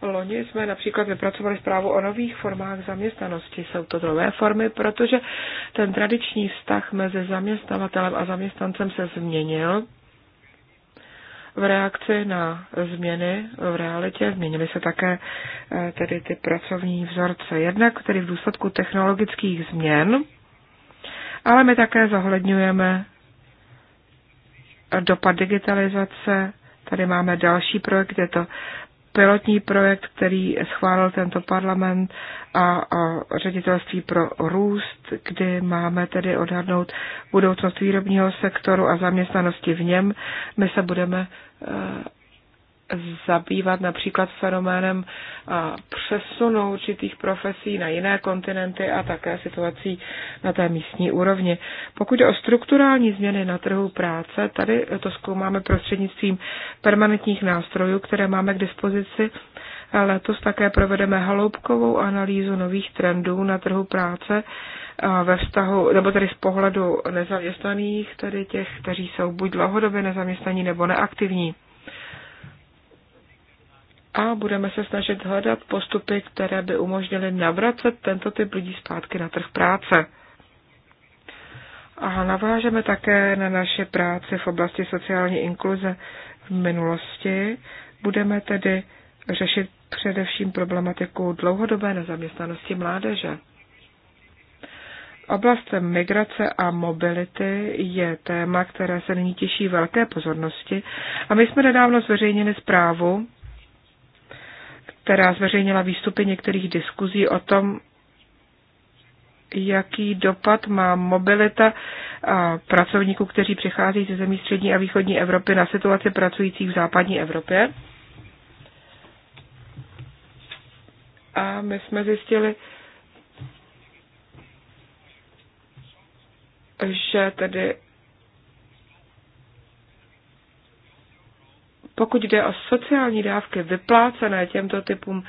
Loni jsme například vypracovali zprávu o nových formách zaměstnanosti. Jsou to nové formy, protože ten tradiční vztah mezi zaměstnavatelem a zaměstnancem se změnil v reakci na změny v realitě. Změnily se také eh, tedy ty pracovní vzorce. Jednak tedy v důsledku technologických změn, ale my také zohledňujeme dopad digitalizace. Tady máme další projekt, je to pilotní projekt, který schválil tento parlament a, a ředitelství pro růst, kdy máme tedy odhadnout budoucnost výrobního sektoru a zaměstnanosti v něm. My se budeme eh, zabývat například fenoménem přesunu určitých profesí na jiné kontinenty a také situací na té místní úrovni. Pokud jde o strukturální změny na trhu práce, tady to zkoumáme prostřednictvím permanentních nástrojů, které máme k dispozici. Letos také provedeme hloubkovou analýzu nových trendů na trhu práce ve vztahu, nebo tedy z pohledu nezaměstnaných, tedy těch, kteří jsou buď dlouhodobě nezaměstnaní nebo neaktivní a budeme se snažit hledat postupy, které by umožnily navracet tento typ lidí zpátky na trh práce. A navážeme také na naše práci v oblasti sociální inkluze v minulosti. Budeme tedy řešit především problematiku dlouhodobé nezaměstnanosti mládeže. Oblast migrace a mobility je téma, které se nyní těší velké pozornosti a my jsme nedávno zveřejnili zprávu která zveřejnila výstupy některých diskuzí o tom, jaký dopad má mobilita pracovníků, kteří přichází ze zemí střední a východní Evropy na situaci pracujících v západní Evropě. A my jsme zjistili, že tedy Pokud jde o sociální dávky vyplácené těmto typům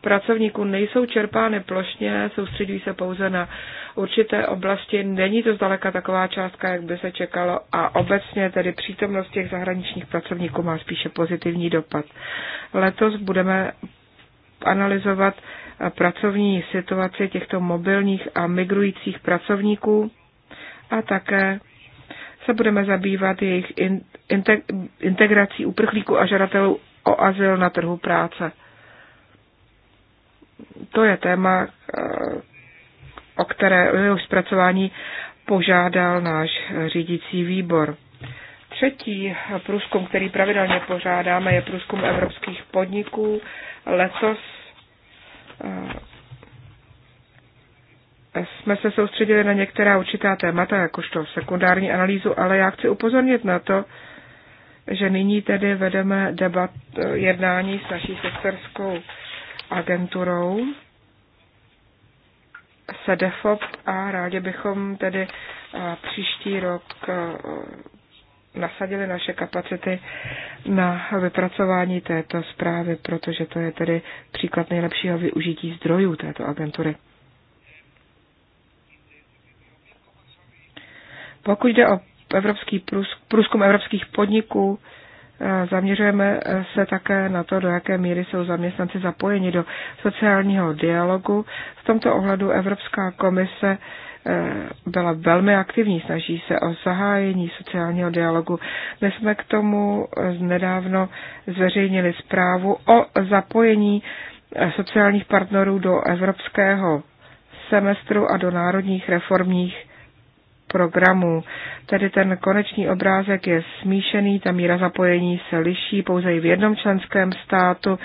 pracovníků, nejsou čerpány plošně, soustředují se pouze na určité oblasti. Není to zdaleka taková částka, jak by se čekalo a obecně tedy přítomnost těch zahraničních pracovníků má spíše pozitivní dopad. Letos budeme analyzovat pracovní situaci těchto mobilních a migrujících pracovníků a také se budeme zabývat jejich integrací uprchlíků a žadatelů o azyl na trhu práce. To je téma, eh, o které o jeho zpracování požádal náš řídící výbor. Třetí průzkum, který pravidelně pořádáme, je průzkum evropských podniků. Letos eh, jsme se soustředili na některá určitá témata, jakožto sekundární analýzu, ale já chci upozornit na to, že nyní tedy vedeme debat, eh, jednání s naší sektorskou agenturou SEDEFOP a rádi bychom tedy eh, příští rok eh, nasadili naše kapacity na vypracování této zprávy, protože to je tedy příklad nejlepšího využití zdrojů této agentury. Pokud jde o evropský průzkum evropských podniků, eh, Zaměřujeme eh, se také na to, do jaké míry jsou zaměstnanci zapojeni do sociálního dialogu. V tomto ohledu Evropská komise eh, byla velmi aktivní, snaží se o zahájení sociálního dialogu. My jsme k tomu nedávno zveřejnili zprávu o zapojení sociálních partnerů do evropského semestru a do národních reformních programů. Tedy ten konečný obrázek je smíšený, ta míra zapojení se liší pouze i v jednom členském státu.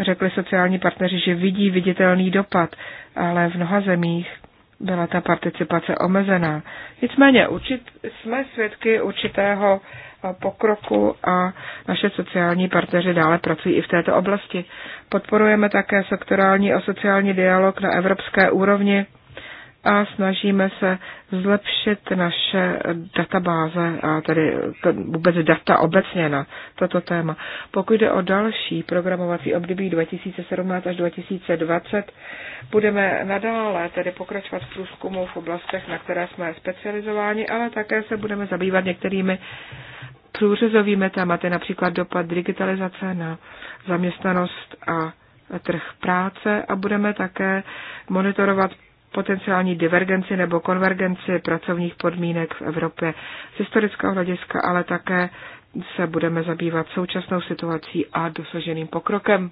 Řekli sociální partneři, že vidí viditelný dopad, ale v mnoha zemích byla ta participace omezená. Nicméně učit, jsme svědky určitého pokroku a naše sociální partneři dále pracují i v této oblasti. Podporujeme také sektorální a sociální dialog na evropské úrovni a snažíme se zlepšit naše databáze a tedy vůbec data obecně na toto téma. Pokud jde o další programovací období 2017 až 2020, budeme nadále tedy pokračovat v průzkumu v oblastech, na které jsme specializováni, ale také se budeme zabývat některými průřezovými tématy, například dopad digitalizace na zaměstnanost a trh práce a budeme také monitorovat potenciální divergenci nebo konvergenci pracovních podmínek v Evropě z historického hlediska, ale také se budeme zabývat současnou situací a dosaženým pokrokem.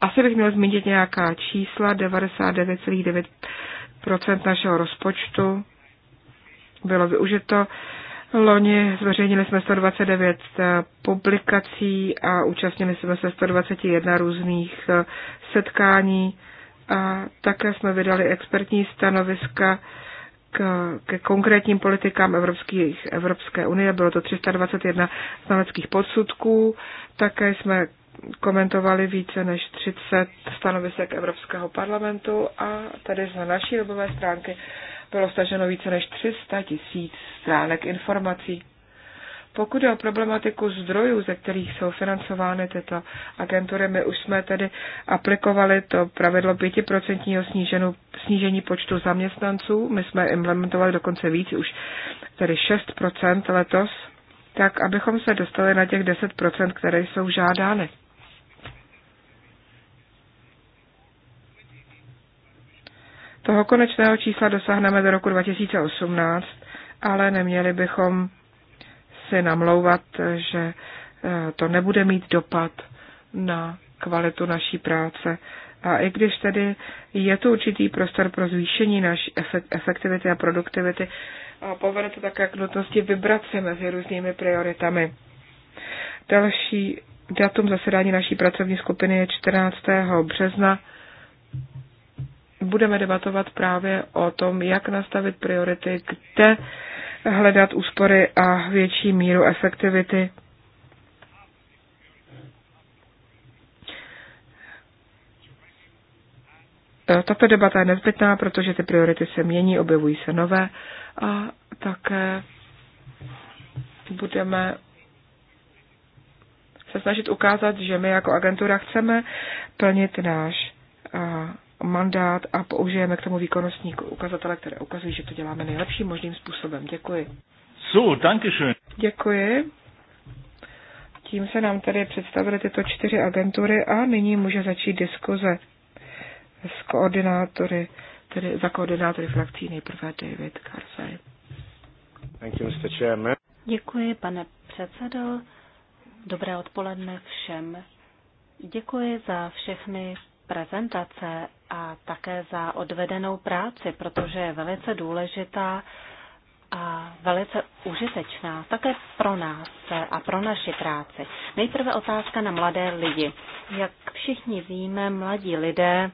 Asi bych měl zmínit nějaká čísla. 99,9% našeho rozpočtu bylo využito Loni zveřejnili jsme 129 eh, publikací a účastnili jsme se 121 různých eh, setkání a také jsme vydali expertní stanoviska ke konkrétním politikám Evropských, Evropské unie. Bylo to 321 znaleckých podsudků. Také jsme komentovali více než 30 stanovisek Evropského parlamentu a tady z naší webové stránky bylo staženo více než 300 tisíc stránek informací. Pokud je o problematiku zdrojů, ze kterých jsou financovány tyto agentury, my už jsme tedy aplikovali to pravidlo 5% snížení počtu zaměstnanců. My jsme implementovali dokonce víc, už tedy 6% letos, tak abychom se dostali na těch 10%, které jsou žádány. Toho konečného čísla dosáhneme do roku 2018, ale neměli bychom si namlouvat, že eh, to nebude mít dopad na kvalitu naší práce. A i když tedy je to určitý prostor pro zvýšení naší efektivity a produktivity, povede to také k nutnosti vybrat se mezi různými prioritami. Další datum zasedání naší pracovní skupiny je 14. března budeme debatovat právě o tom, jak nastavit priority, kde hledat úspory a větší míru efektivity. Tato debata je nezbytná, protože ty priority se mění, objevují se nové a také budeme se snažit ukázat, že my jako agentura chceme plnit náš mandát a použijeme k tomu výkonnostní ukazatele, které ukazují, že to děláme nejlepším možným způsobem. Děkuji. So, danke schön. Děkuji. Tím se nám tady představily tyto čtyři agentury a nyní může začít diskuze s koordinátory, tedy za koordinátory frakcí nejprve David Karzaj. Děkuji, pane předsedo. Dobré odpoledne všem. Děkuji za všechny prezentace a také za odvedenou práci, protože je velice důležitá a velice užitečná také pro nás a pro naši práci. Nejprve otázka na mladé lidi. Jak všichni víme, mladí lidé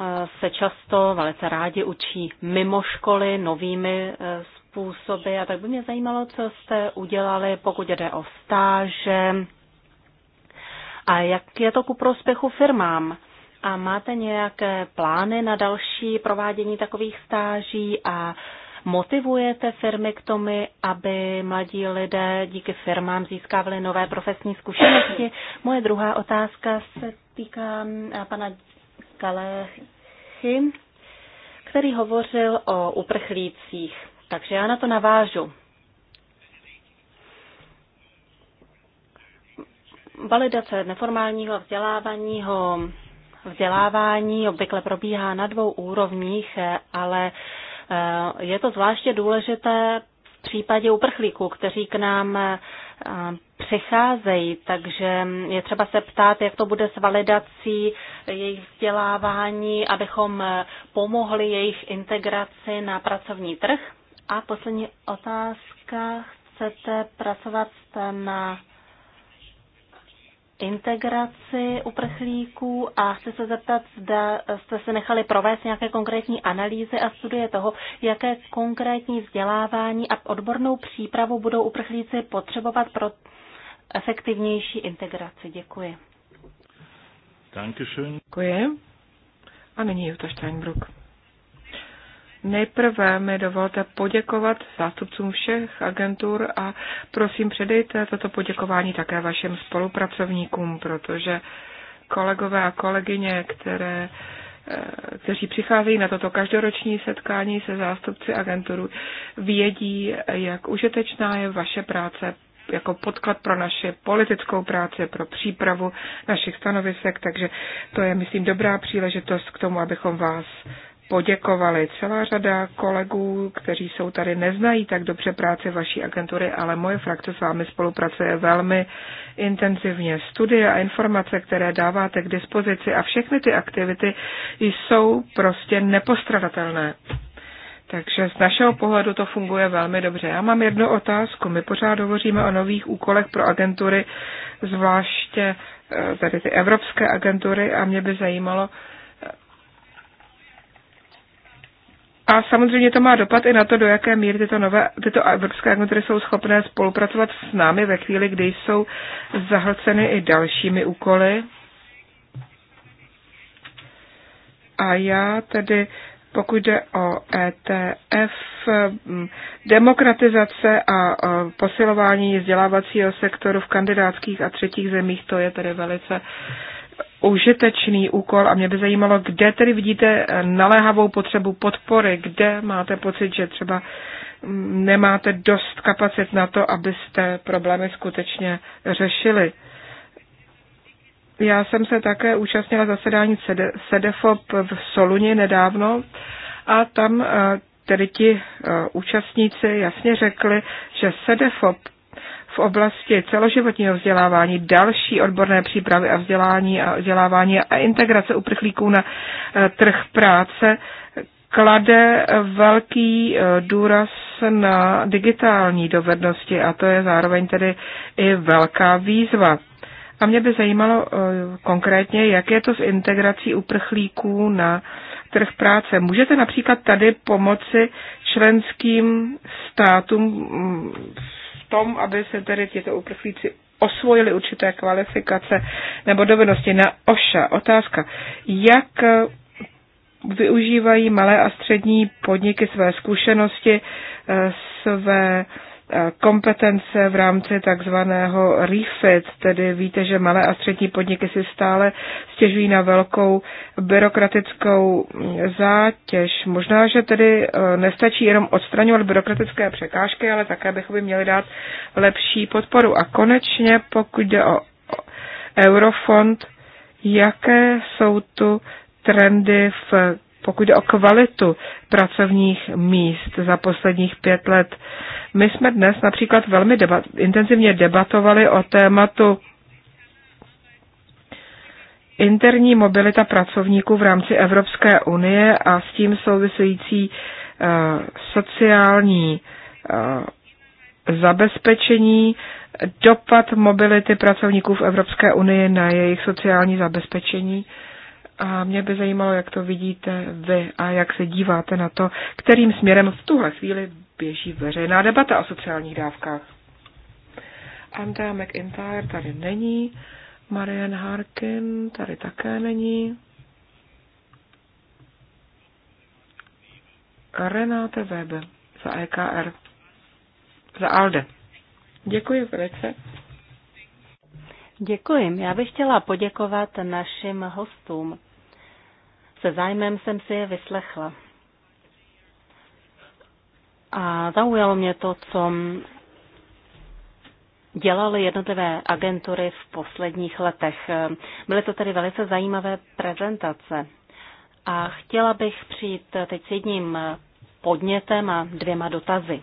eh, se často velice rádi učí mimo školy novými eh, způsoby a tak by mě zajímalo, co jste udělali, pokud jde o stáže, a jak je to ku prospěchu firmám. A máte nějaké plány na další provádění takových stáží a motivujete firmy k tomu, aby mladí lidé díky firmám získávali nové profesní zkušenosti? Moje druhá otázka se týká eh, pana Kalechy, který hovořil o uprchlících. Takže já na to navážu. Validace neformálního vzdělávaního vzdělávání obvykle probíhá na dvou úrovních, ale eh, je to zvláště důležité v případě uprchlíků, kteří k nám eh, přicházejí, takže je třeba se ptát, jak to bude s validací jejich vzdělávání, abychom eh, pomohli jejich integraci na pracovní trh. A poslední otázka, chcete pracovat na integraci uprchlíků a chci se zeptat, zda jste se nechali provést nějaké konkrétní analýzy a studie toho, jaké konkrétní vzdělávání a odbornou přípravu budou uprchlíci potřebovat pro efektivnější integraci. Děkuji. Dankeschön. Děkuji. A nyní Jutta Steinbrück. Nejprve mi dovolte poděkovat zástupcům všech agentur a prosím předejte toto poděkování také vašim spolupracovníkům, protože kolegové a kolegyně, které, eh, kteří přicházejí na toto každoroční setkání se zástupci agenturu, vědí, jak užitečná je vaše práce jako podklad pro naši politickou práci, pro přípravu našich stanovisek, takže to je, myslím, dobrá příležitost k tomu, abychom vás poděkovali. Celá řada kolegů, kteří jsou tady, neznají tak dobře práci vaší agentury, ale moje frakce s vámi spolupracuje velmi intenzivně. Studie a informace, které dáváte k dispozici a všechny ty aktivity jsou prostě nepostradatelné. Takže z našeho pohledu to funguje velmi dobře. Já mám jednu otázku. My pořád hovoříme o nových úkolech pro agentury, zvláště eh, tady ty evropské agentury a mě by zajímalo, A samozřejmě to má dopad i na to, do jaké míry tyto, nové, tyto evropské agentury jsou schopné spolupracovat s námi ve chvíli, kdy jsou zahlceny i dalšími úkoly. A já tedy, pokud jde o ETF, demokratizace a posilování vzdělávacího sektoru v kandidátských a třetích zemích, to je tedy velice užitečný úkol a mě by zajímalo, kde tedy vidíte eh, naléhavou potřebu podpory, kde máte pocit, že třeba mm, nemáte dost kapacit na to, abyste problémy skutečně řešili. Já jsem se také účastnila zasedání SEDEFOP v Soluni nedávno a tam eh, tedy ti eh, účastníci jasně řekli, že SEDEFOP v oblasti celoživotního vzdělávání, další odborné přípravy a vzdělání a vzdělávání a integrace uprchlíků na eh, trh práce klade velký eh, důraz na digitální dovednosti a to je zároveň tedy i velká výzva. A mě by zajímalo eh, konkrétně, jak je to s integrací uprchlíků na trh práce. Můžete například tady pomoci členským státům mm, tom, aby se tedy těto uprchlíci osvojili určité kvalifikace nebo dovednosti na OŠA. Otázka, jak využívají malé a střední podniky své zkušenosti, eh, své Eh, kompetence v rámci takzvaného refit, tedy víte, že malé a střední podniky si stále stěžují na velkou byrokratickou mm, zátěž. Možná, že tedy eh, nestačí jenom odstraňovat byrokratické překážky, ale také bychom by měli dát lepší podporu. A konečně, pokud jde o eurofond, jaké jsou tu trendy v pokud jde o kvalitu pracovních míst za posledních pět let. My jsme dnes například velmi debat, intenzivně debatovali o tématu interní mobilita pracovníků v rámci Evropské unie a s tím související uh, sociální uh, zabezpečení, dopad mobility pracovníků v Evropské unii na jejich sociální zabezpečení. Uh, a mě by zajímalo, jak to vidíte vy a jak se díváte na to, kterým směrem v tuhle chvíli běží veřejná debata o sociálních dávkách. Andrea McIntyre tady není, Marian Harkin tady také není. Renáte Web za EKR, za ALDE. Děkuji velice. Děkuji. Já bych chtěla poděkovat našim hostům. Se zájmem jsem si je vyslechla. A zaujalo mě to, co dělaly jednotlivé agentury v posledních letech. Byly to tedy velice zajímavé prezentace. A chtěla bych přijít teď s jedním podnětem a dvěma dotazy.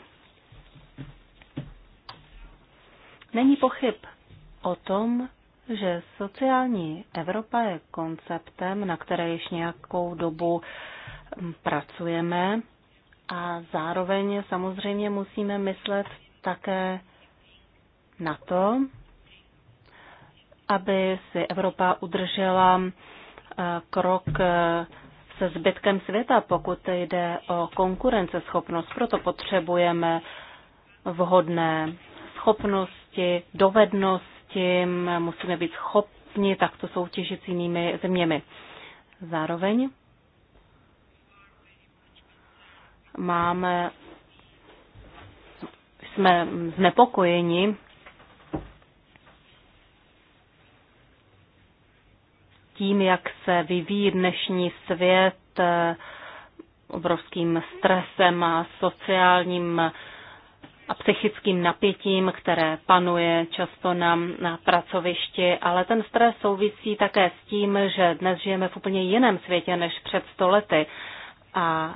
Není pochyb o tom, že sociální Evropa je konceptem, na které již nějakou dobu hm, pracujeme a zároveň samozřejmě musíme myslet také na to, aby si Evropa udržela hm, krok hm, se zbytkem světa, pokud jde o konkurenceschopnost. Proto potřebujeme vhodné schopnosti, dovednosti, tím musíme být schopni takto soutěžit s jinými zeměmi. Zároveň máme, jsme znepokojeni tím, jak se vyvíjí dnešní svět obrovským stresem a sociálním a psychickým napětím, které panuje často na, na pracovišti, ale ten stres souvisí také s tím, že dnes žijeme v úplně jiném světě než před stolety a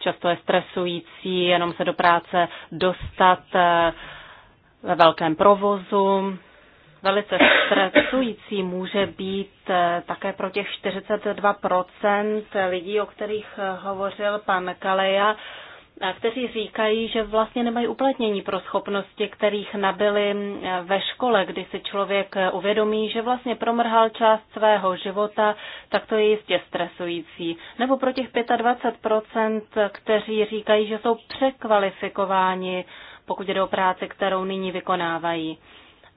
často je stresující jenom se do práce dostat eh, ve velkém provozu. Velice stresující může být eh, také pro těch 42% lidí, o kterých eh, hovořil pan Kaleja, kteří říkají, že vlastně nemají uplatnění pro schopnosti, kterých nabyli ve škole, kdy si člověk uvědomí, že vlastně promrhal část svého života, tak to je jistě stresující. Nebo pro těch 25%, kteří říkají, že jsou překvalifikováni, pokud jde o práci, kterou nyní vykonávají.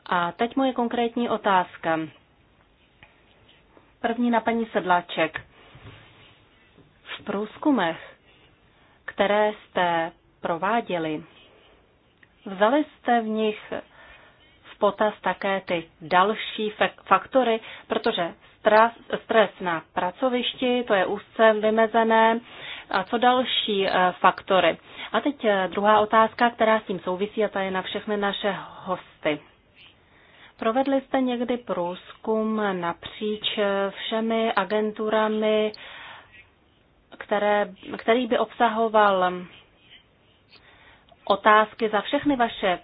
A teď moje konkrétní otázka. První na paní Sedláček. V průzkumech které jste prováděli, vzali jste v nich v potaz také ty další faktory, protože stres, stres na pracovišti, to je úzce vymezené, a co další eh, faktory. A teď eh, druhá otázka, která s tím souvisí a ta je na všechny naše hosty. Provedli jste někdy průzkum napříč eh, všemi agenturami které, který by obsahoval otázky za všechny vaše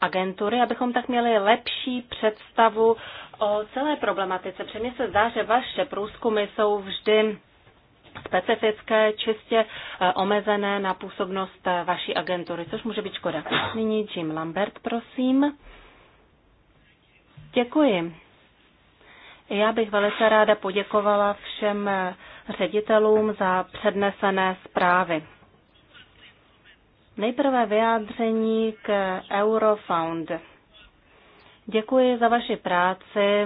agentury, abychom tak měli lepší představu o celé problematice. Přemě se zdá, že vaše průzkumy jsou vždy specifické, čistě eh, omezené na působnost eh, vaší agentury, což může být škoda. Nyní Jim Lambert, prosím. Děkuji. Já bych velice ráda poděkovala všem eh, ředitelům za přednesené zprávy. Nejprve vyjádření k Eurofound. Děkuji za vaši práci,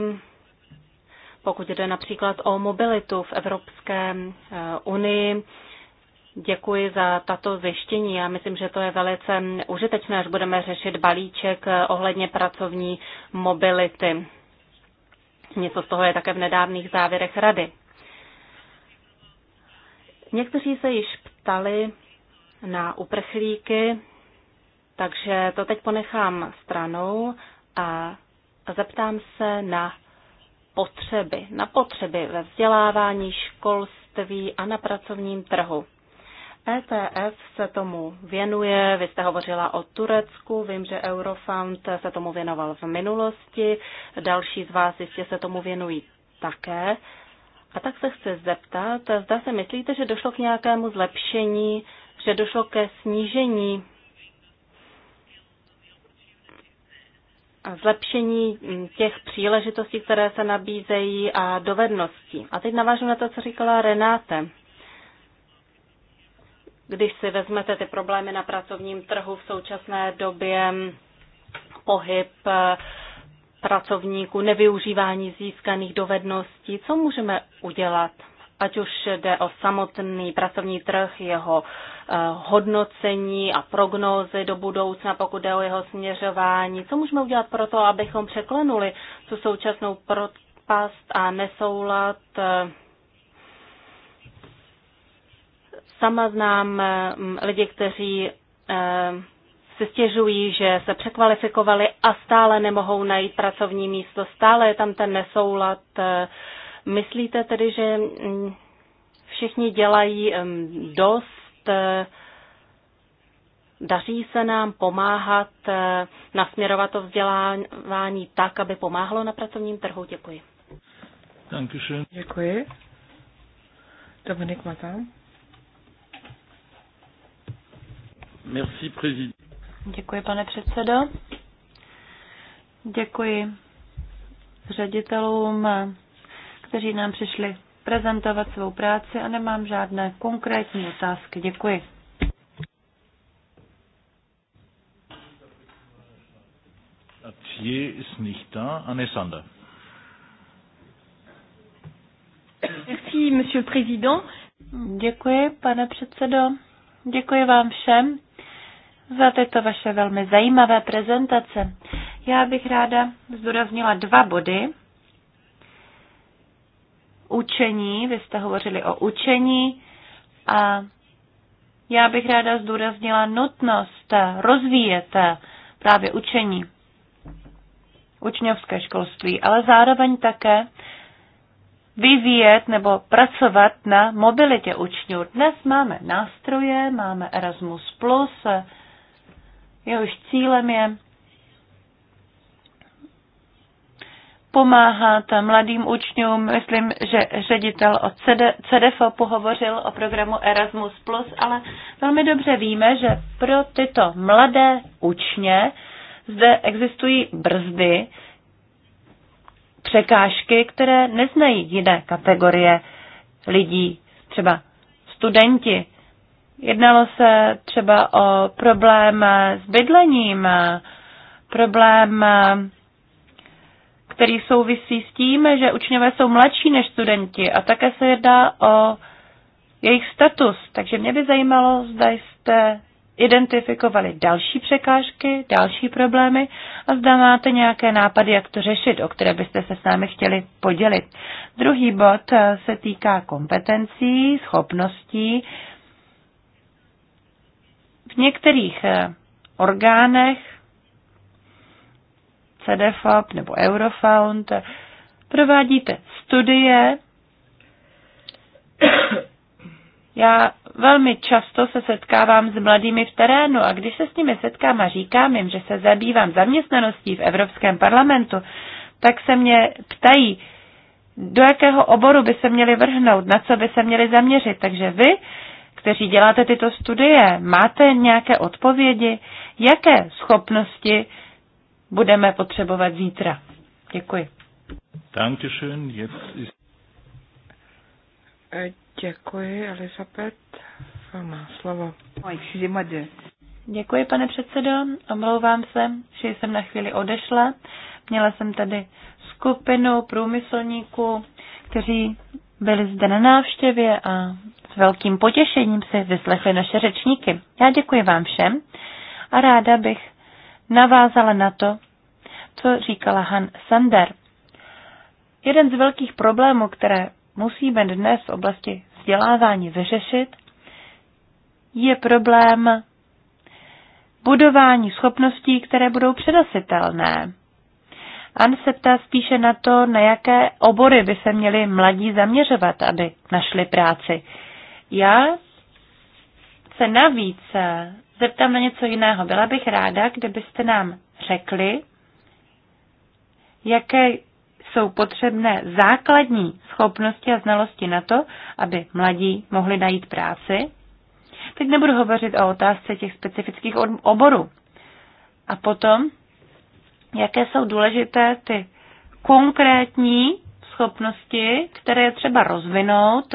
pokud jde například o mobilitu v Evropské eh, unii. Děkuji za tato zjištění. Já myslím, že to je velice užitečné, až budeme řešit balíček eh, ohledně pracovní mobility. Něco z toho je také v nedávných závěrech rady. Někteří se již ptali na uprchlíky, takže to teď ponechám stranou a zeptám se na potřeby. Na potřeby ve vzdělávání, školství a na pracovním trhu. ETF se tomu věnuje, vy jste hovořila o Turecku, vím, že Eurofund se tomu věnoval v minulosti, další z vás jistě se tomu věnují také. A tak se chci zeptat, zda se myslíte, že došlo k nějakému zlepšení, že došlo ke snížení zlepšení mm, těch příležitostí, které se nabízejí a dovedností. A teď navážu na to, co říkala Renáte. Když si vezmete ty problémy na pracovním trhu v současné době, pohyb pracovníků, nevyužívání získaných dovedností. Co můžeme udělat? Ať už jde o samotný pracovní trh, jeho eh, hodnocení a prognózy do budoucna, pokud jde o jeho směřování. Co můžeme udělat pro to, abychom překlenuli tu současnou propast a nesoulad? Eh, sama znám mm, lidi, kteří eh, se stěžují, že se překvalifikovali a stále nemohou najít pracovní místo, stále je tam ten nesoulad. Myslíte tedy, že mm, všichni dělají mm, dost, daří se nám pomáhat, mm, nasměrovat to vzdělávání tak, aby pomáhlo na pracovním trhu? Děkuji. Děkuji. Dominik Matan. Merci, président. Děkuji, pane předsedo. Děkuji ředitelům, kteří nám přišli prezentovat svou práci a nemám žádné konkrétní otázky. Děkuji. Děkuji, pane předsedo. Děkuji vám všem za tyto vaše velmi zajímavé prezentace. Já bych ráda zdůraznila dva body. Učení, vy jste hovořili o učení a já bych ráda zdůraznila nutnost rozvíjet právě učení, učňovské školství, ale zároveň také vyvíjet nebo pracovat na mobilitě učňů. Dnes máme nástroje, máme Erasmus+, Jehož cílem je pomáhat mladým učňům. Myslím, že ředitel od CDFO pohovořil o programu Erasmus+, ale velmi dobře víme, že pro tyto mladé učně zde existují brzdy, překážky, které neznají jiné kategorie lidí, třeba studenti. Jednalo se třeba o problém s bydlením, problém, který souvisí s tím, že učňové jsou mladší než studenti a také se jedná o jejich status. Takže mě by zajímalo, zda jste identifikovali další překážky, další problémy a zda máte nějaké nápady, jak to řešit, o které byste se s námi chtěli podělit. Druhý bod se týká kompetencí, schopností. V některých eh, orgánech CDFOP nebo Eurofound eh, provádíte studie. Já velmi často se setkávám s mladými v terénu a když se s nimi setkám a říkám jim, že se zabývám zaměstnaností v Evropském parlamentu, tak se mě ptají, do jakého oboru by se měli vrhnout, na co by se měli zaměřit. Takže vy kteří děláte tyto studie, máte nějaké odpovědi, jaké schopnosti budeme potřebovat zítra? Děkuji. Dankeschön, jetzt ist... Eh, děkuji, Elizabeth. Má slovo. Oh, děkuji, pane předsedo. Omlouvám se, že jsem na chvíli odešla. Měla jsem tady skupinu průmyslníků, kteří byli zde na návštěvě a s velkým potěšením si vyslechli naše řečníky. Já děkuji vám všem a ráda bych navázala na to, co říkala Han Sander. Jeden z velkých problémů, které musíme dnes v oblasti vzdělávání vyřešit, je problém budování schopností, které budou přenositelné. An se ptá spíše na to, na jaké obory by se měli mladí zaměřovat, aby našli práci. Já se navíc zeptám na něco jiného. Byla bych ráda, kdybyste nám řekli, jaké jsou potřebné základní schopnosti a znalosti na to, aby mladí mohli najít práci. Teď nebudu hovořit o otázce těch specifických oborů. A potom, jaké jsou důležité ty konkrétní schopnosti, které je třeba rozvinout,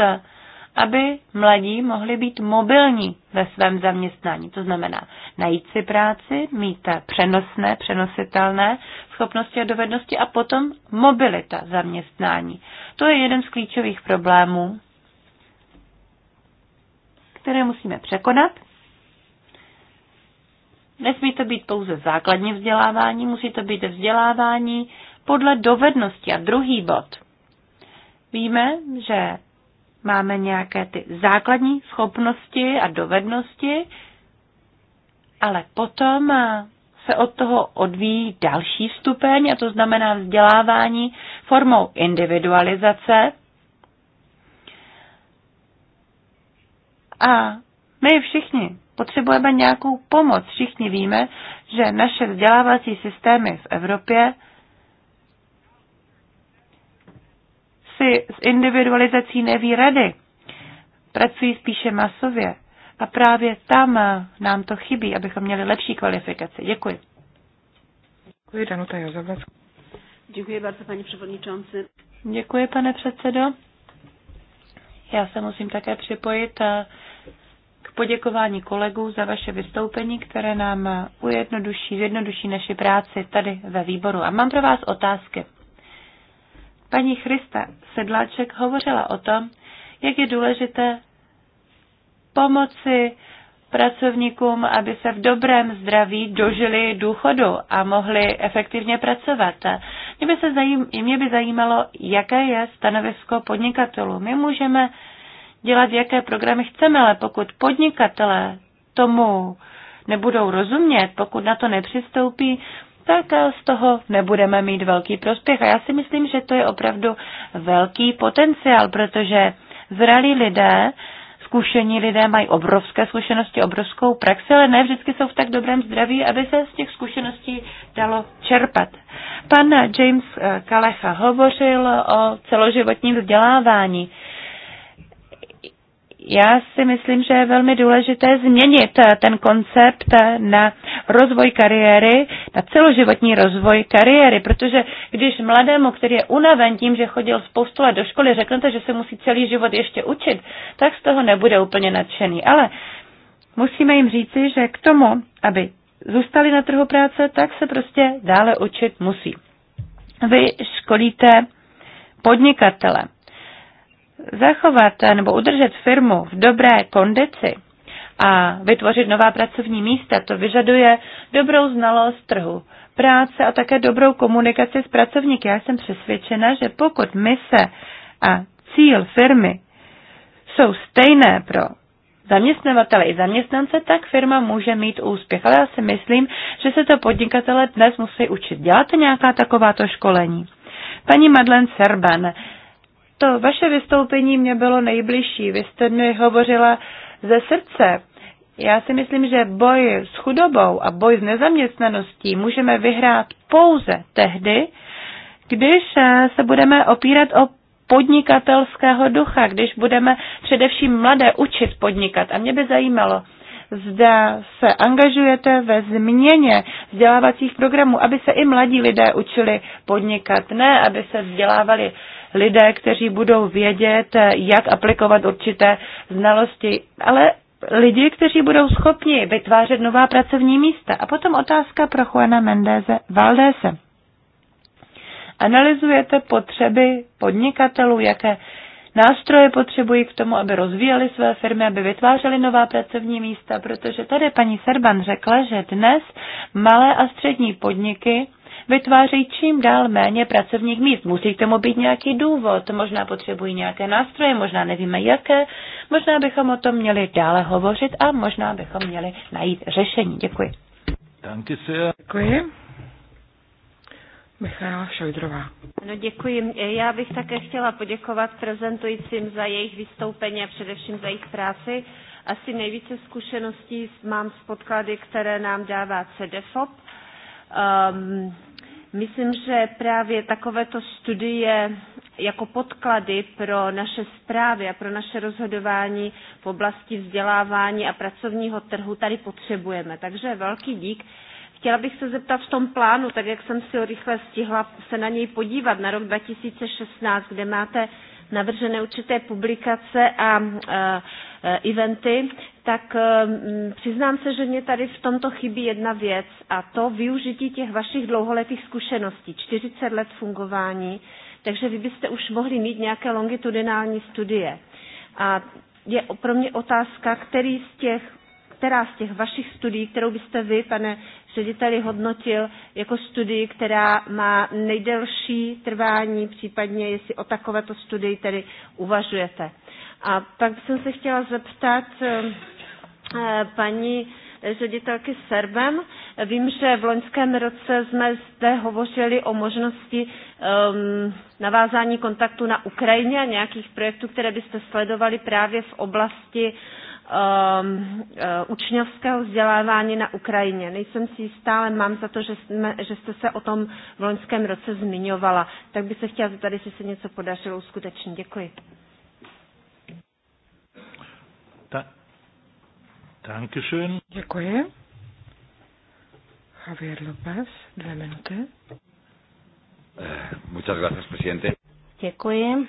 aby mladí mohli být mobilní ve svém zaměstnání. To znamená najít si práci, mít přenosné, přenositelné schopnosti a dovednosti a potom mobilita zaměstnání. To je jeden z klíčových problémů, které musíme překonat. Nesmí to být pouze základní vzdělávání, musí to být vzdělávání podle dovednosti. A druhý bod. Víme, že máme nějaké ty základní schopnosti a dovednosti, ale potom se od toho odvíjí další stupeň, a to znamená vzdělávání formou individualizace. A my všichni potřebujeme nějakou pomoc. Všichni víme, že naše vzdělávací systémy v Evropě si s individualizací neví rady. Pracují spíše masově. A právě tam nám to chybí, abychom měli lepší kvalifikaci. Děkuji. Děkuji, Danuta Jozovec. Děkuji bardzo, paní předsedající. Děkuji, pane předsedo. Já se musím také připojit eh, k poděkování kolegů za vaše vystoupení, které nám ujednoduší, zjednoduší naši práci tady ve výboru. A mám pro vás otázky. Paní Christa Sedláček hovořila o tom, jak je důležité pomoci pracovníkům, aby se v dobrém zdraví dožili důchodu a mohli efektivně pracovat. Mě by, se zajím, mě by zajímalo, jaké je stanovisko podnikatelů. My můžeme dělat, jaké programy chceme, ale pokud podnikatelé tomu nebudou rozumět, pokud na to nepřistoupí, tak z toho nebudeme mít velký prospěch. A já si myslím, že to je opravdu velký potenciál, protože zralí lidé, zkušení lidé mají obrovské zkušenosti, obrovskou praxi, ale ne vždycky jsou v tak dobrém zdraví, aby se z těch zkušeností dalo čerpat. Pan James Kalecha hovořil o celoživotním vzdělávání. Já si myslím, že je velmi důležité změnit eh, ten koncept eh, na rozvoj kariéry, na celoživotní rozvoj kariéry, protože když mladému, který je unaven tím, že chodil spoustu let do školy, řeknete, že se musí celý život ještě učit, tak z toho nebude úplně nadšený. Ale musíme jim říci, že k tomu, aby zůstali na trhu práce, tak se prostě dále učit musí. Vy školíte podnikatele zachovat nebo udržet firmu v dobré kondici a vytvořit nová pracovní místa, to vyžaduje dobrou znalost trhu, práce a také dobrou komunikaci s pracovníky. Já jsem přesvědčena, že pokud mise a cíl firmy jsou stejné pro zaměstnavatele i zaměstnance, tak firma může mít úspěch. Ale já si myslím, že se to podnikatele dnes musí učit. Děláte nějaká takováto školení? Paní Madlen Serban, to vaše vystoupení mě bylo nejbližší. Vy jste mi hovořila ze srdce. Já si myslím, že boj s chudobou a boj s nezaměstnaností můžeme vyhrát pouze tehdy, když eh, se budeme opírat o podnikatelského ducha, když budeme především mladé učit podnikat. A mě by zajímalo, zda se angažujete ve změně vzdělávacích programů, aby se i mladí lidé učili podnikat, ne aby se vzdělávali lidé, kteří budou vědět, jak aplikovat určité znalosti, ale lidi, kteří budou schopni vytvářet nová pracovní místa. A potom otázka pro Juana Mendeze Valdése. Analyzujete potřeby podnikatelů, jaké nástroje potřebují k tomu, aby rozvíjeli své firmy, aby vytvářeli nová pracovní místa, protože tady paní Serban řekla, že dnes malé a střední podniky vytvářejí čím dál méně pracovních míst. Musí k tomu být nějaký důvod, možná potřebují nějaké nástroje, možná nevíme jaké, možná bychom o tom měli dále hovořit a možná bychom měli najít řešení. Děkuji. Děkuji. Michaela Šojdrová. No, děkuji. Já bych také chtěla poděkovat prezentujícím za jejich vystoupení a především za jejich práci. Asi nejvíce zkušeností mám z podklady, které nám dává CDFOP. Um, ehm, Myslím, že právě takovéto studie jako podklady pro naše zprávy a pro naše rozhodování v oblasti vzdělávání a pracovního trhu tady potřebujeme. Takže velký dík. Chtěla bych se zeptat v tom plánu, tak jak jsem si ho rychle stihla se na něj podívat, na rok 2016, kde máte navržené určité publikace a e, e, eventy, tak e, přiznám se, že mě tady v tomto chybí jedna věc a to využití těch vašich dlouholetých zkušeností, 40 let fungování, takže vy byste už mohli mít nějaké longitudinální studie. A je pro mě otázka, který z těch která z těch vašich studií, kterou byste vy, pane řediteli, hodnotil jako studii, která má nejdelší trvání, případně jestli o takovéto studii tedy uvažujete. A pak jsem se chtěla zeptat eh, eh, paní ředitelky Serbem. Vím, že v loňském roce jsme zde hovořili o možnosti um, navázání kontaktu na Ukrajině a nějakých projektů, které byste sledovali právě v oblasti uh, um, uh, učňovského vzdělávání na Ukrajině. Nejsem si jistá, ale mám za to, že, jsme, že jste se o tom v loňském roce zmiňovala. Tak bych se chtěla zeptat, jestli se něco podařilo uskutečnit. Děkuji. Ta, Děkuji. Javier López, dvě minuty. Eh, muchas gracias, presidente. Děkuji.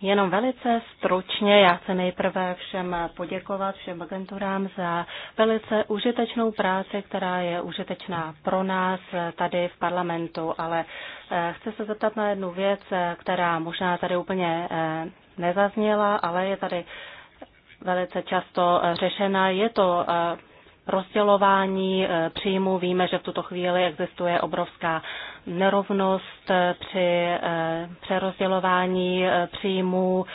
Jenom velice stručně, já chci nejprve všem poděkovat, všem agenturám za velice užitečnou práci, která je užitečná pro nás tady v parlamentu, ale eh, chci se zeptat na jednu věc, která možná tady úplně eh, nezazněla, ale je tady velice často řešena. Je to eh, rozdělování eh, příjmů. Víme, že v tuto chvíli existuje obrovská nerovnost eh, při eh, přerozdělování příjmů.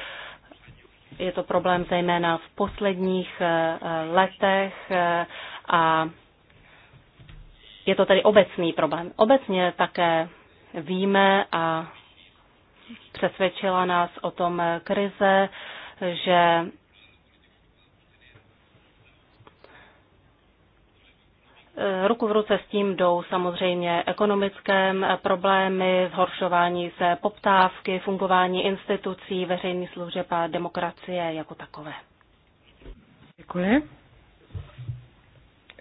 Je to problém zejména v posledních letech a je to tedy obecný problém. Obecně také víme a přesvědčila nás o tom krize, že Eh, ruku v ruce s tím jdou samozřejmě ekonomické eh, problémy, zhoršování se poptávky, fungování institucí, veřejných služeb a demokracie jako takové. Děkuji.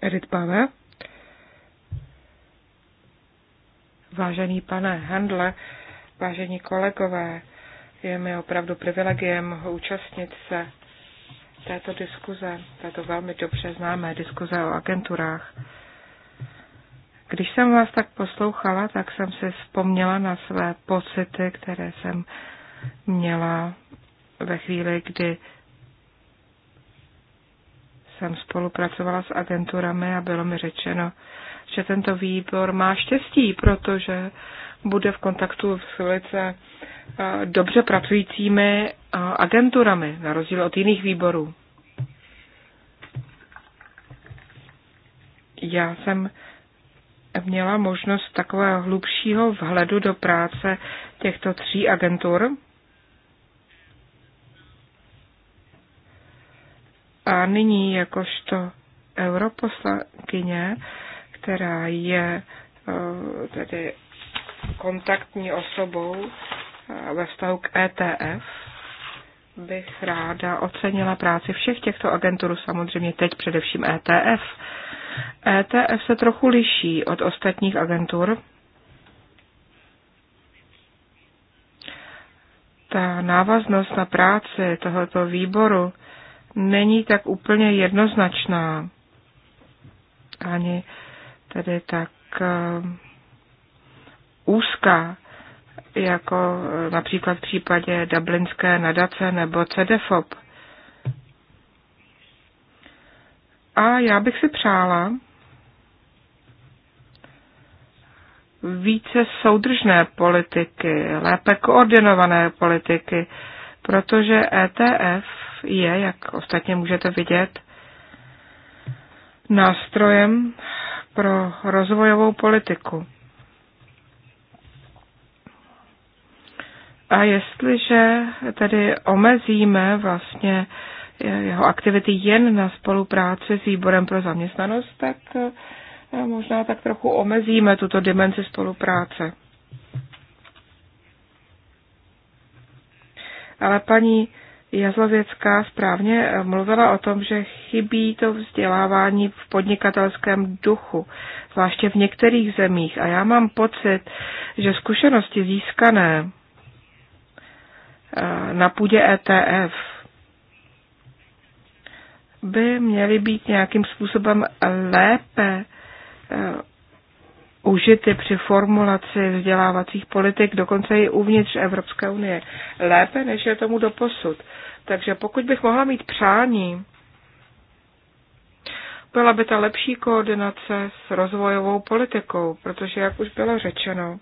Edith Pavel. Vážený pane Handle, vážení kolegové, je mi opravdu privilegiem účastnit se této diskuze, této velmi dobře známé diskuze o agenturách. Když jsem vás tak poslouchala, tak jsem se vzpomněla na své pocity, které jsem měla ve chvíli, kdy jsem spolupracovala s agenturami a bylo mi řečeno, že tento výbor má štěstí, protože bude v kontaktu s velice eh, dobře pracujícími eh, agenturami, na rozdíl od jiných výborů. Já jsem měla možnost takového hlubšího vhledu do práce těchto tří agentur. A nyní jakožto europoslankyně, která je eh, tedy kontaktní osobou eh, ve vztahu k ETF, bych ráda ocenila práci všech těchto agentur, samozřejmě teď především ETF. ETF se trochu liší od ostatních agentur. Ta návaznost na práci tohoto výboru není tak úplně jednoznačná. Ani tedy tak eh, úzká jako eh, například v případě Dublinské nadace nebo CDFOP. A já bych si přála více soudržné politiky, lépe koordinované politiky, protože ETF je, jak ostatně můžete vidět, nástrojem pro rozvojovou politiku. A jestliže tedy omezíme vlastně jeho aktivity jen na spolupráci s výborem pro zaměstnanost, tak eh, možná tak trochu omezíme tuto dimenzi spolupráce. Ale paní Jazlověcká správně eh, mluvila o tom, že chybí to vzdělávání v podnikatelském duchu, zvláště v některých zemích. A já mám pocit, že zkušenosti získané Eh, na půdě ETF by měly být nějakým způsobem lépe eh, užity při formulaci vzdělávacích politik, dokonce i uvnitř Evropské unie. Lépe, než je tomu doposud. Takže pokud bych mohla mít přání, byla by ta lepší koordinace s rozvojovou politikou, protože, jak už bylo řečeno,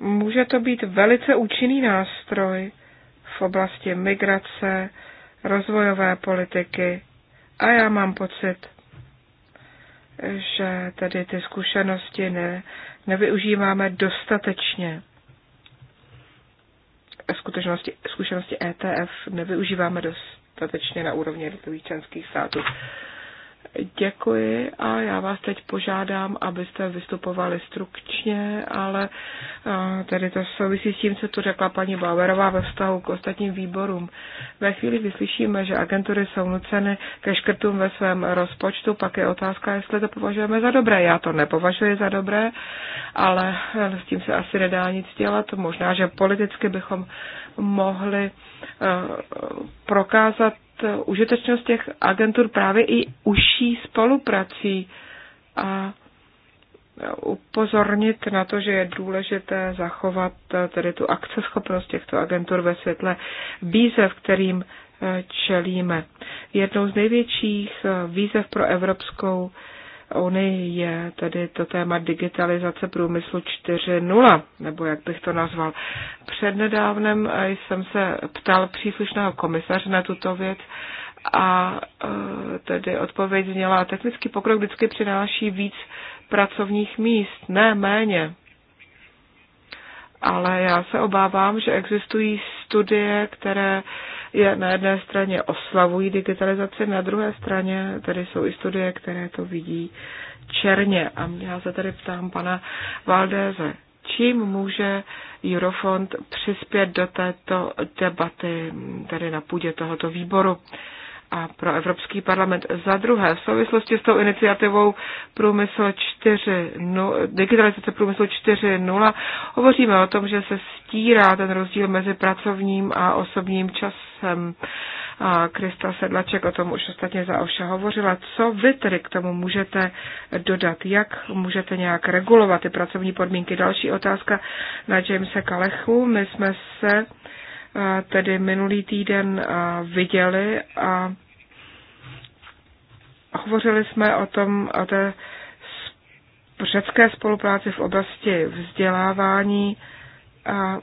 může to být velice účinný nástroj v oblasti migrace, rozvojové politiky. A já mám pocit, že tedy ty zkušenosti ne, nevyužíváme dostatečně. Skutečnosti, zkušenosti ETF nevyužíváme dostatečně na úrovni jednotlivých členských států. Děkuji a já vás teď požádám, abyste vystupovali strukčně, ale eh, tady to souvisí s tím, co tu řekla paní Bauerová ve vztahu k ostatním výborům. Ve chvíli vyslyšíme, že agentury jsou nuceny ke škrtům ve svém rozpočtu, pak je otázka, jestli to považujeme za dobré. Já to nepovažuji za dobré, ale eh, s tím se asi nedá nic dělat. Možná, že politicky bychom mohli eh, prokázat užitečnost těch agentur právě i užší spoluprací a upozornit na to, že je důležité zachovat tedy tu akceschopnost těchto agentur ve světle výzev, kterým eh, čelíme. Jednou z největších eh, výzev pro Evropskou Oni je tedy to téma digitalizace průmyslu 4.0, nebo jak bych to nazval. Přednedávnem jsem se ptal příslušného komisaře na tuto věc a e, tedy odpověď zněla, technický pokrok vždycky přináší víc pracovních míst, ne méně. Ale já se obávám, že existují studie, které uh, je na jedné straně oslavují digitalizaci, na druhé straně tady jsou i studie, které to vidí černě. A já se tady ptám pana Valdéze, čím může Eurofond přispět do této debaty, tady na půdě tohoto výboru a pro Evropský parlament. Za druhé, v souvislosti s tou iniciativou Průmysl no, digitalizace Průmyslu 4.0, hovoříme o tom, že se stírá ten rozdíl mezi pracovním a osobním časem. A Krista Sedlaček o tom už ostatně za Oša hovořila. Co vy tedy k tomu můžete dodat? Jak můžete nějak regulovat ty pracovní podmínky? Další otázka na Jamesa Kalechu. My jsme se tedy minulý týden viděli a hovořili jsme o tom, o té řecké spolupráci v oblasti vzdělávání a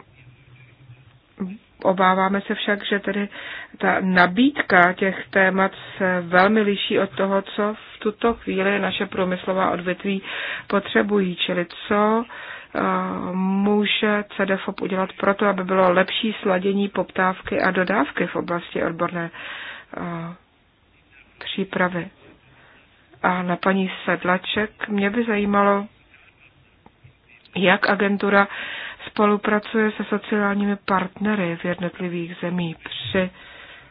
obáváme se však, že tedy ta nabídka těch témat se velmi liší od toho, co v tuto chvíli naše průmyslová odvětví potřebují, čili co může CDFOP udělat proto, aby bylo lepší sladění poptávky a dodávky v oblasti odborné eh, přípravy. A na paní Sedlaček mě by zajímalo, jak agentura spolupracuje se sociálními partnery v jednotlivých zemích při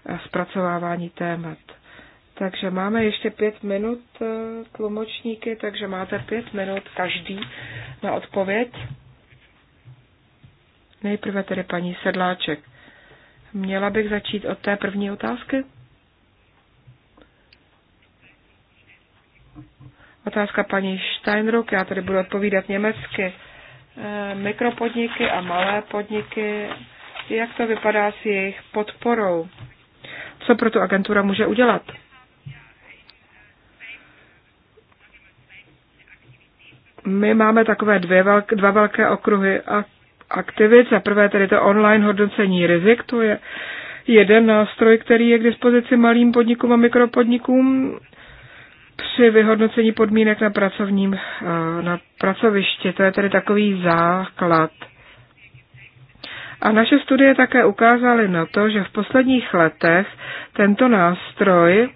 eh, zpracovávání témat. Takže máme ještě pět minut eh, tlumočníky, takže máte pět minut každý na odpověď. Nejprve tedy paní Sedláček. Měla bych začít od té první otázky? Otázka paní Steinruck, já tady budu odpovídat německy. Eh, mikropodniky a malé podniky, jak to vypadá s jejich podporou? Co pro tu agentura může udělat? my máme takové dvě velk, dva velké okruhy aktivit. Za prvé tedy to online hodnocení rizik, to je jeden nástroj, který je k dispozici malým podnikům a mikropodnikům při vyhodnocení podmínek na pracovním eh, na pracovišti. To je tedy takový základ. A naše studie také ukázaly na to, že v posledních letech tento nástroj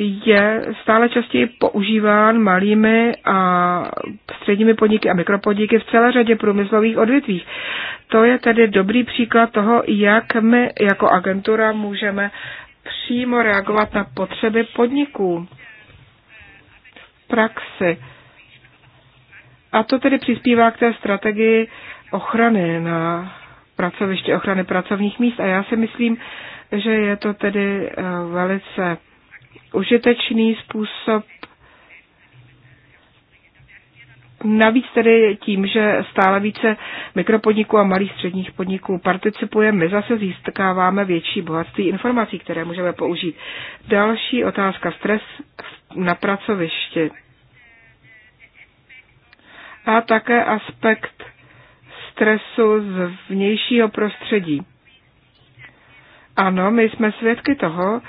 je stále častěji používán malými a středními podniky a mikropodniky v celé řadě průmyslových odvětvích. To je tedy dobrý příklad toho, jak my jako agentura můžeme přímo reagovat na potřeby podniků v praxi. A to tedy přispívá k té strategii ochrany na pracoviště, ochrany pracovních míst. A já si myslím, že je to tedy eh, velice užitečný způsob Navíc tedy tím, že stále více mikropodniků a malých středních podniků participuje, my zase získáváme větší bohatství informací, které můžeme použít. Další otázka. Stres na pracovišti. A také aspekt stresu z vnějšího prostředí. Ano, my jsme svědky toho,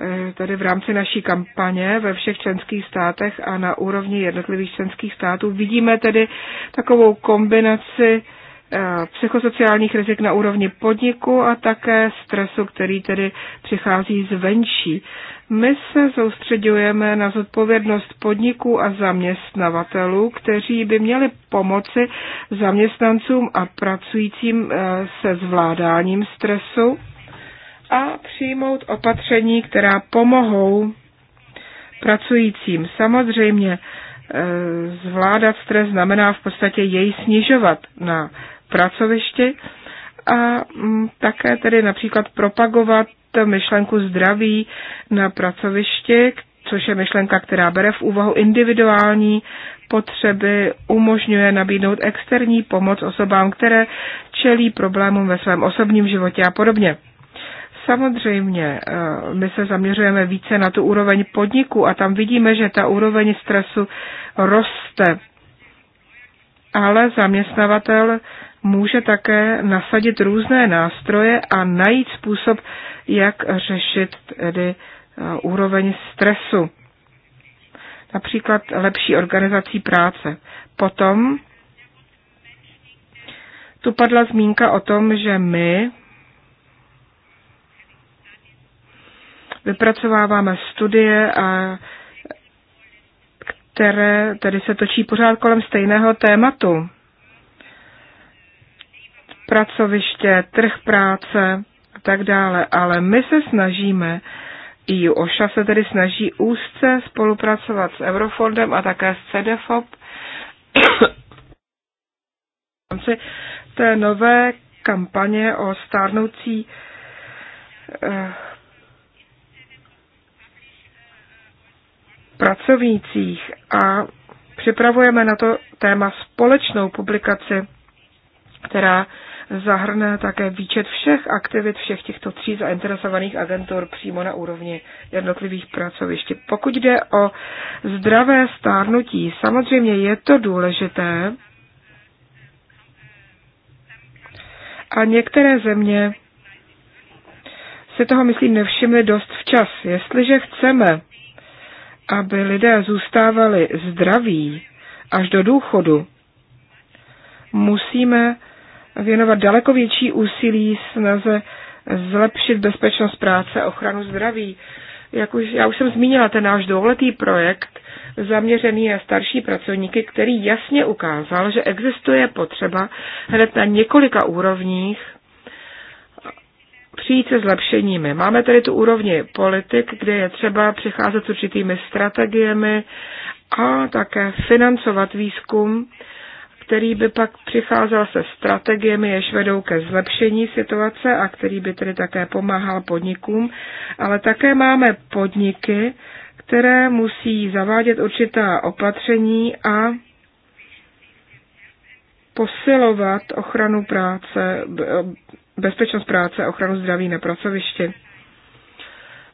Eh, tady v rámci naší kampaně ve všech členských státech a na úrovni jednotlivých členských států. Vidíme tedy takovou kombinaci eh, psychosociálních rizik na úrovni podniku a také stresu, který tedy přichází zvenčí. My se soustředujeme na zodpovědnost podniků a zaměstnavatelů, kteří by měli pomoci zaměstnancům a pracujícím eh, se zvládáním stresu a přijmout opatření, která pomohou pracujícím. Samozřejmě e, zvládat stres znamená v podstatě jej snižovat na pracovišti a mm, také tedy například propagovat myšlenku zdraví na pracovišti, což je myšlenka, která bere v úvahu individuální potřeby, umožňuje nabídnout externí pomoc osobám, které čelí problémům ve svém osobním životě a podobně. Samozřejmě, eh, my se zaměřujeme více na tu úroveň podniku a tam vidíme, že ta úroveň stresu roste. Ale zaměstnavatel může také nasadit různé nástroje a najít způsob, jak řešit tedy eh, úroveň stresu. Například lepší organizací práce. Potom tu padla zmínka o tom, že my Vypracováváme studie, a které tedy se točí pořád kolem stejného tématu. Pracoviště, trh práce a tak dále. Ale my se snažíme i OŠA se tedy snaží úzce spolupracovat s Eurofondem a také s CDFOP rámci té nové kampaně o stárnoucí eh, pracovnících a připravujeme na to téma společnou publikaci, která zahrne také výčet všech aktivit všech těchto tří zainteresovaných agentur přímo na úrovni jednotlivých pracovišť. Pokud jde o zdravé stárnutí, samozřejmě je to důležité a některé země si toho, myslím, nevšimli dost včas. Jestliže chceme aby lidé zůstávali zdraví až do důchodu, musíme věnovat daleko větší úsilí snaze zlepšit bezpečnost práce a ochranu zdraví. Jak už, já už jsem zmínila ten náš dvouletý projekt zaměřený na starší pracovníky, který jasně ukázal, že existuje potřeba hned na několika úrovních přijít se zlepšeními. Máme tady tu úrovni politik, kde je třeba přicházet s určitými strategiemi a také financovat výzkum, který by pak přicházel se strategiemi, jež vedou ke zlepšení situace a který by tedy také pomáhal podnikům. Ale také máme podniky, které musí zavádět určitá opatření a posilovat ochranu práce, bezpečnost práce a ochranu zdraví na pracovišti.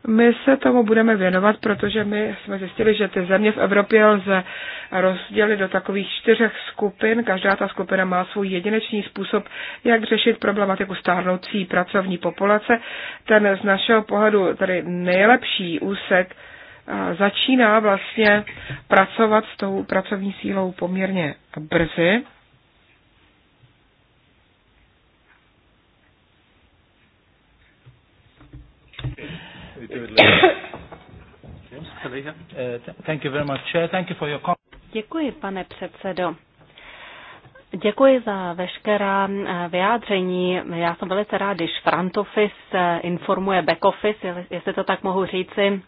My se tomu budeme věnovat, protože my jsme zjistili, že ty země v Evropě lze rozdělit do takových čtyřech skupin. Každá ta skupina má svůj jedinečný způsob, jak řešit problematiku stárnoucí pracovní populace. Ten z našeho pohledu tady nejlepší úsek začíná vlastně pracovat s tou pracovní sílou poměrně brzy. Děkuji, pane předsedo. Děkuji za veškerá eh, vyjádření. Já jsem velice rád, když front office eh, informuje back office, jestli to tak mohu říci,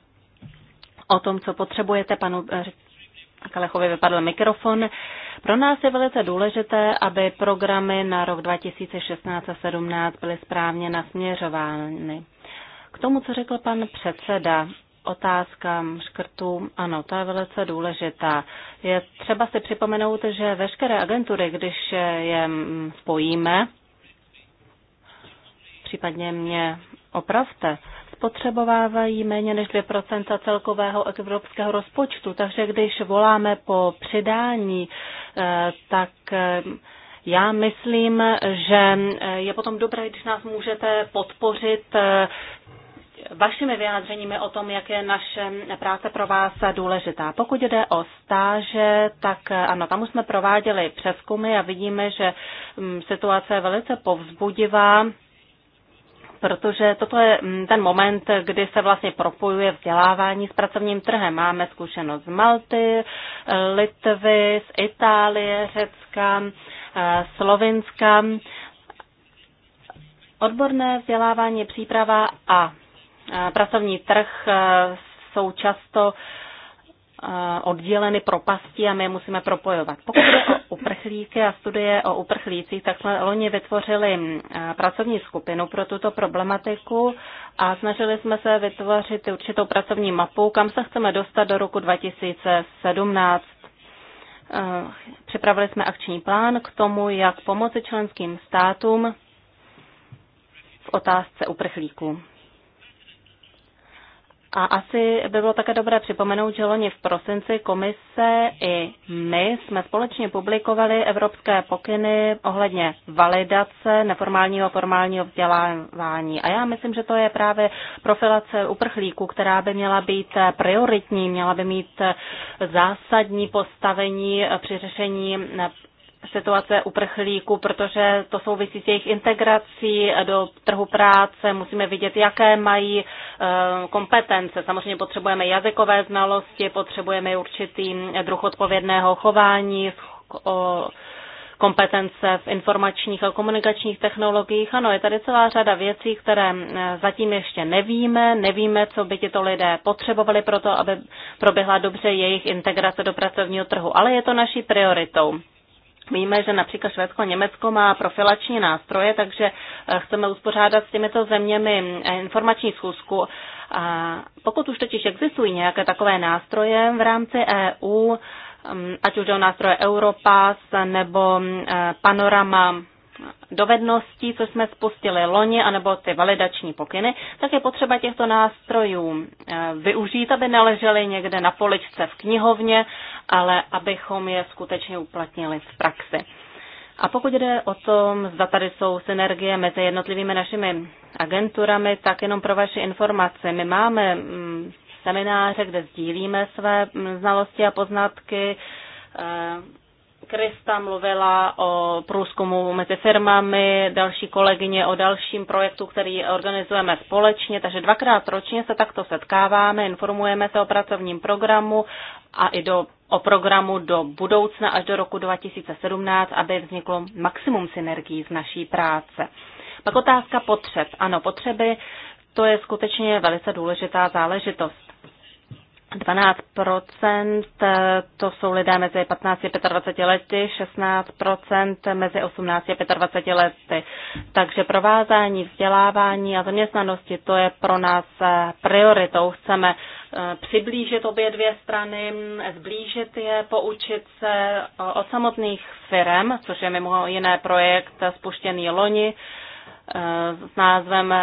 o tom, co potřebujete. Panu eh, Kalechovi vypadl mikrofon. Pro nás je velice důležité, aby programy na rok 2016 a 2017 byly správně nasměřovány. K tomu, co řekl pan předseda, otázkám škrtů, ano, to je velice důležitá. Je třeba si připomenout, že veškeré agentury, když je spojíme, případně mě opravte, spotřebovávají méně než 2% celkového evropského rozpočtu. Takže když voláme po přidání, eh, tak eh, já myslím, že eh, je potom dobré, když nás můžete podpořit vašimi vyjádřeními o tom, jak je naše práce pro vás důležitá. Pokud jde o stáže, tak ano, tam už jsme prováděli přeskumy a vidíme, že mm, situace je velice povzbudivá protože toto je mm, ten moment, kdy se vlastně propojuje vzdělávání s pracovním trhem. Máme zkušenost z Malty, Litvy, z Itálie, Řecka, eh, Slovinska. Odborné vzdělávání, příprava a pracovní trh e, jsou často e, odděleny propasti a my je musíme propojovat. Pokud jde o uprchlíky a studie o uprchlících, tak jsme loni vytvořili e, pracovní skupinu pro tuto problematiku a snažili jsme se vytvořit určitou pracovní mapu, kam se chceme dostat do roku 2017. Připravili jsme akční plán k tomu, jak pomoci členským státům v otázce uprchlíků. A asi by bylo také dobré připomenout, že loni v prosinci komise i my jsme společně publikovali evropské pokyny ohledně validace neformálního a formálního vzdělávání. A já myslím, že to je právě profilace uprchlíků, která by měla být prioritní, měla by mít zásadní postavení při řešení situace uprchlíků, protože to souvisí s jejich integrací do trhu práce. Musíme vidět, jaké mají eh, kompetence. Samozřejmě potřebujeme jazykové znalosti, potřebujeme určitý druh odpovědného chování, kompetence v informačních a komunikačních technologiích. Ano, je tady celá řada věcí, které eh, zatím ještě nevíme. Nevíme, co by tito lidé potřebovali pro to, aby proběhla dobře jejich integrace do pracovního trhu, ale je to naší prioritou. Víme, že například Švédsko a Německo má profilační nástroje, takže eh, chceme uspořádat s těmito zeměmi eh, informační schůzku. A pokud už totiž existují nějaké takové nástroje v rámci EU, mm, ať už jde o nástroje Europass nebo mm, eh, Panorama dovedností, co jsme spustili loni, anebo ty validační pokyny, tak je potřeba těchto nástrojů eh, využít, aby neleželi někde na poličce v knihovně, ale abychom je skutečně uplatnili v praxi. A pokud jde o tom, zda tady jsou synergie mezi jednotlivými našimi agenturami, tak jenom pro vaši informaci. My máme mm, semináře, kde sdílíme své mm, znalosti a poznatky, eh, Krista mluvila o průzkumu mezi firmami, další kolegyně o dalším projektu, který organizujeme společně, takže dvakrát ročně se takto setkáváme, informujeme se o pracovním programu a i do, o programu do budoucna až do roku 2017, aby vzniklo maximum synergií z naší práce. Pak otázka potřeb. Ano, potřeby, to je skutečně velice důležitá záležitost. 12 to jsou lidé mezi 15 a 25 lety, 16 mezi 18 a 25 lety. Takže provázání, vzdělávání a zaměstnanosti, to je pro nás eh, prioritou. Chceme eh, přiblížit obě dvě strany, zblížit je, poučit se eh, od samotných firm, což je mimo jiné projekt spuštěný loni s názvem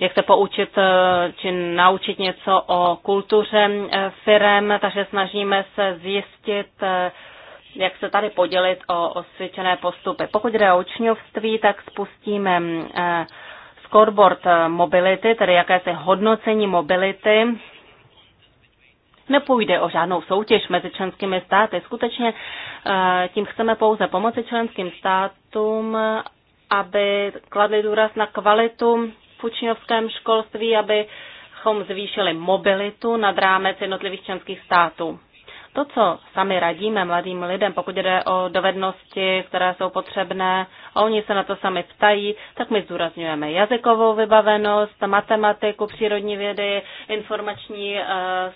jak se poučit eh, či naučit něco o kultuře eh, firem, takže snažíme se zjistit, eh, jak se tady podělit o osvědčené postupy. Pokud jde o učňovství, tak spustíme scoreboard mobility, tedy jakési hodnocení mobility. Nepůjde o žádnou soutěž mezi členskými státy. Skutečně tím chceme pouze pomoci členským státům, aby kladli důraz na kvalitu v učňovském školství, abychom zvýšili mobilitu nad rámec jednotlivých členských států. To, co sami radíme mladým lidem, pokud jde o dovednosti, které jsou potřebné, a oni se na to sami ptají, tak my zdůrazňujeme jazykovou vybavenost, matematiku, přírodní vědy, informační eh,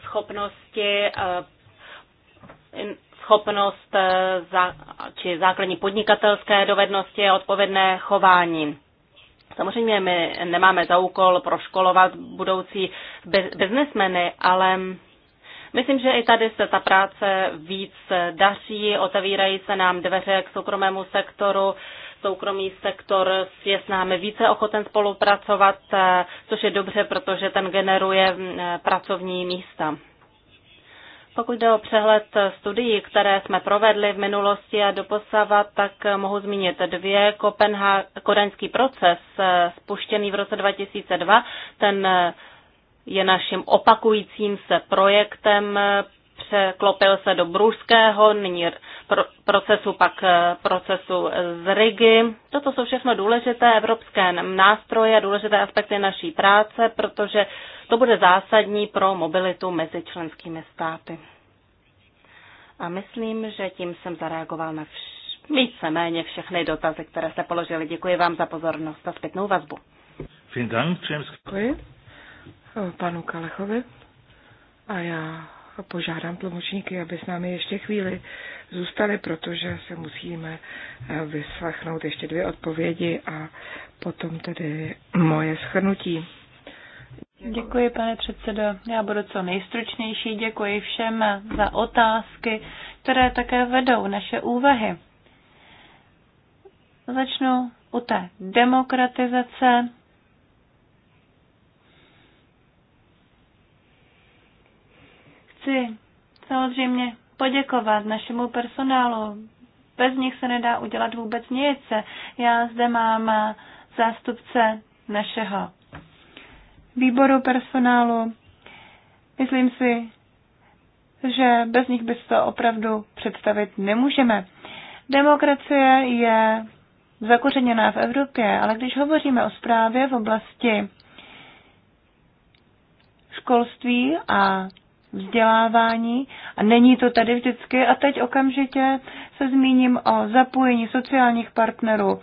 schopnosti, eh, schopnost eh, či základní podnikatelské dovednosti a odpovědné chování. Samozřejmě my nemáme za úkol proškolovat budoucí biznesmeny, ale Myslím, že i tady se ta práce víc daří, otevírají se nám dveře k soukromému sektoru, soukromý sektor je s námi více ochoten spolupracovat, což je dobře, protože ten generuje pracovní místa. Pokud jde o přehled studií, které jsme provedli v minulosti a doposava, tak mohu zmínit dvě. Kopenha- kodaňský proces, eh, spuštěný v roce 2002, ten eh, je naším opakujícím se projektem, eh, překlopil se do Bruského, nyní procesu, pak eh, procesu z Rigi. Toto jsou všechno důležité evropské nástroje, důležité aspekty naší práce, protože to bude zásadní pro mobilitu mezi členskými státy. A myslím, že tím jsem zareagoval na vš- víceméně všechny dotazy, které jste položili. Děkuji vám za pozornost a zpětnou vazbu. Děkuji eh, panu Kalechovi a já požádám tlumočníky, aby s námi ještě chvíli zůstali, protože se musíme eh, vyslechnout ještě dvě odpovědi a potom tedy moje schrnutí. Děkuji, pane předsedo. Já budu co nejstručnější. Děkuji všem za otázky, které také vedou naše úvahy. Začnu u té demokratizace Chci samozřejmě poděkovat našemu personálu. Bez nich se nedá udělat vůbec nic. Já zde mám zástupce našeho výboru personálu. Myslím si, že bez nich by to opravdu představit nemůžeme. Demokracie je zakořeněná v Evropě, ale když hovoříme o zprávě v oblasti školství a vzdělávání a není to tady vždycky. A teď okamžitě se zmíním o zapojení sociálních partnerů,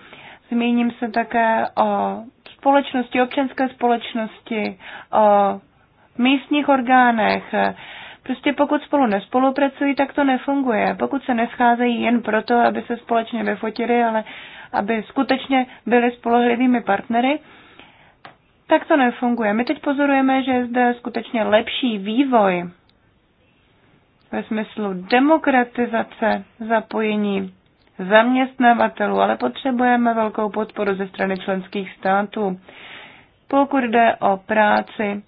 zmíním se také o společnosti, občanské společnosti, o místních orgánech. Prostě pokud spolu nespolupracují, tak to nefunguje. Pokud se nescházejí jen proto, aby se společně vyfotili, ale aby skutečně byli spolehlivými partnery, tak to nefunguje. My teď pozorujeme, že je zde skutečně lepší vývoj ve smyslu demokratizace zapojení zaměstnavatelů, ale potřebujeme velkou podporu ze strany členských států. Pokud jde o práci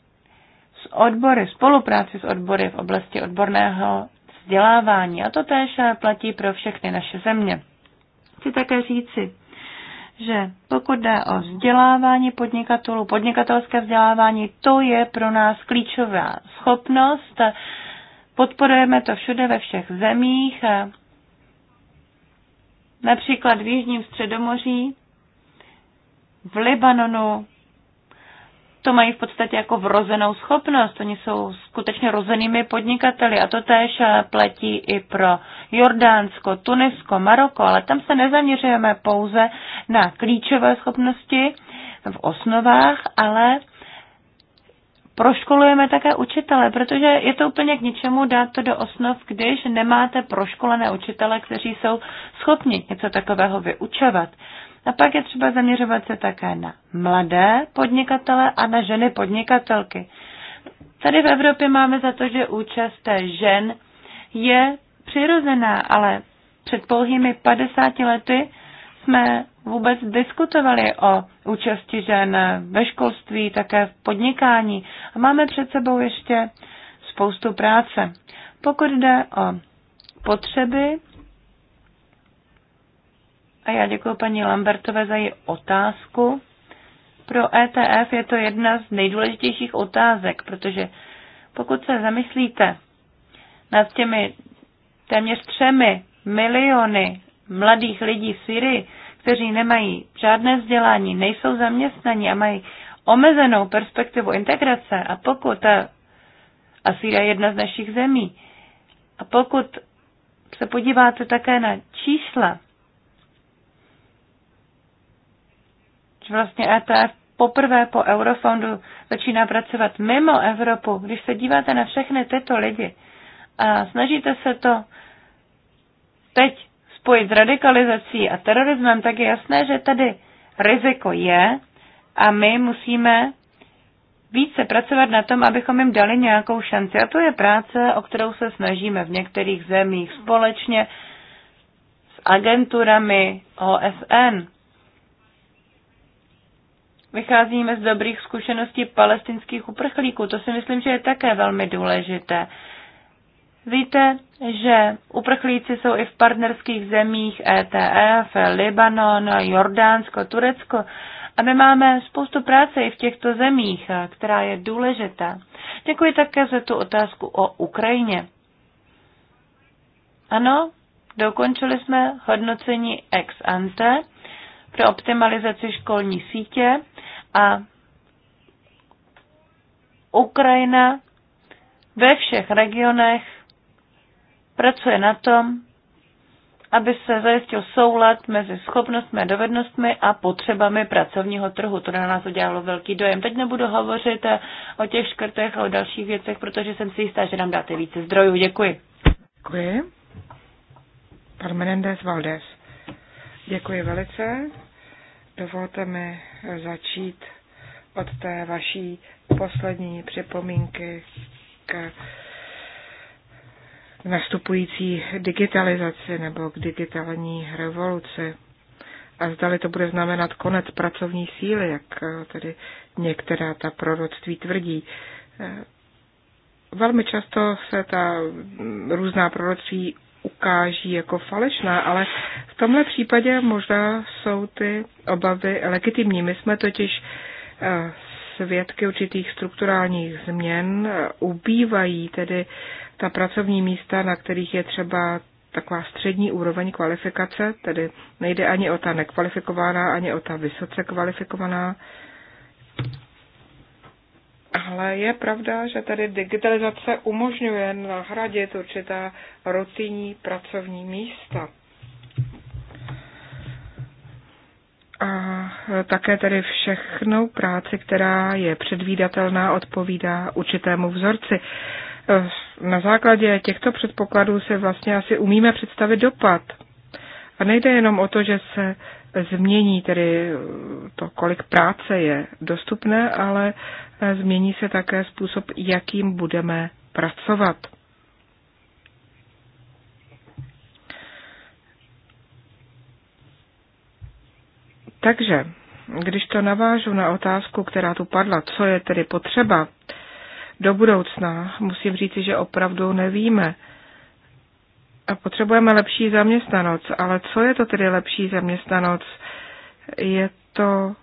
s odbory, spolupráci s odbory v oblasti odborného vzdělávání. A to též platí pro všechny naše země. Chci také říci, že pokud jde o vzdělávání podnikatelů, podnikatelské vzdělávání, to je pro nás klíčová schopnost, Podporujeme to všude ve všech zemích, eh, například v Jižním Středomoří, v Libanonu. To mají v podstatě jako vrozenou schopnost. Oni jsou skutečně rozenými podnikateli a to též eh, platí i pro Jordánsko, Tunisko, Maroko, ale tam se nezaměřujeme pouze na klíčové schopnosti v osnovách, ale proškolujeme také učitele, protože je to úplně k ničemu dát to do osnov, když nemáte proškolené učitele, kteří jsou schopni něco takového vyučovat. A pak je třeba zaměřovat se také na mladé podnikatele a na ženy podnikatelky. Tady v Evropě máme za to, že účast žen je přirozená, ale před pouhými 50 lety jsme vůbec diskutovali o účasti žen ve školství, také v podnikání a máme před sebou ještě spoustu práce. Pokud jde o potřeby, a já děkuji paní Lambertové za její otázku, pro ETF je to jedna z nejdůležitějších otázek, protože pokud se zamyslíte nad těmi téměř třemi miliony mladých lidí v Syrii, kteří nemají žádné vzdělání, nejsou zaměstnaní a mají omezenou perspektivu integrace a pokud, a Syria je jedna z našich zemí, a pokud se podíváte také na čísla, že vlastně ETF poprvé po Eurofondu začíná pracovat mimo Evropu, když se díváte na všechny tyto lidi a snažíte se to teď spojit s radikalizací a terorismem, tak je jasné, že tady riziko je a my musíme více pracovat na tom, abychom jim dali nějakou šanci. A to je práce, o kterou se snažíme v některých zemích společně s agenturami OSN. Vycházíme z dobrých zkušeností palestinských uprchlíků. To si myslím, že je také velmi důležité. Víte, že uprchlíci jsou i v partnerských zemích ETF, Libanon, Jordánsko, Turecko a my máme spoustu práce i v těchto zemích, která je důležitá. Děkuji také za tu otázku o Ukrajině. Ano, dokončili jsme hodnocení ex ante pro optimalizaci školní sítě a Ukrajina ve všech regionech pracuje na tom, aby se zajistil soulad mezi schopnostmi a dovednostmi a potřebami pracovního trhu. To na nás udělalo velký dojem. Teď nebudu hovořit o těch škrtech a o dalších věcech, protože jsem si jistá, že nám dáte více zdrojů. Děkuji. Děkuji. Pan Menendez Valdez. Děkuji velice. Dovolte mi začít od té vaší poslední připomínky k nastupující digitalizaci nebo k digitální revoluci. A zdali to bude znamenat konec pracovní síly, jak eh, tedy některá ta proroctví tvrdí. Eh, velmi často se ta různá proroctví ukáží jako falešná, ale v tomhle případě možná jsou ty obavy legitimní. My jsme totiž eh, svědky určitých strukturálních změn, ubývají tedy ta pracovní místa, na kterých je třeba taková střední úroveň kvalifikace, tedy nejde ani o ta nekvalifikovaná, ani o ta vysoce kvalifikovaná. Ale je pravda, že tady digitalizace umožňuje nahradit určitá rutinní pracovní místa. a také tedy všechnou práci, která je předvídatelná, odpovídá určitému vzorci. Eh, na základě těchto předpokladů se vlastně asi umíme představit dopad. A nejde jenom o to, že se změní tedy eh, to, kolik práce je dostupné, ale eh, změní se také způsob, jakým budeme pracovat. Takže, když to navážu na otázku, která tu padla, co je tedy potřeba, do budoucna, musím říci, že opravdu nevíme. A potřebujeme lepší zaměstnanost, ale co je to tedy lepší zaměstnanost? Je to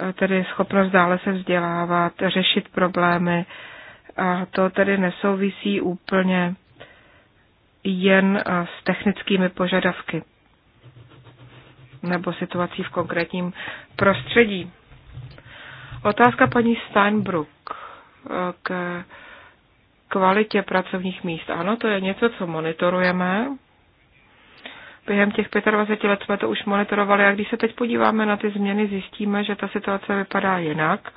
eh, tedy schopnost dále se vzdělávat, řešit problémy a to tedy nesouvisí úplně jen eh, s technickými požadavky nebo situací v konkrétním prostředí. Otázka paní Steinbruck k kvalitě pracovních míst. Ano, to je něco, co monitorujeme. Během těch 25 let jsme to už monitorovali a když se teď podíváme na ty změny, zjistíme, že ta situace vypadá jinak.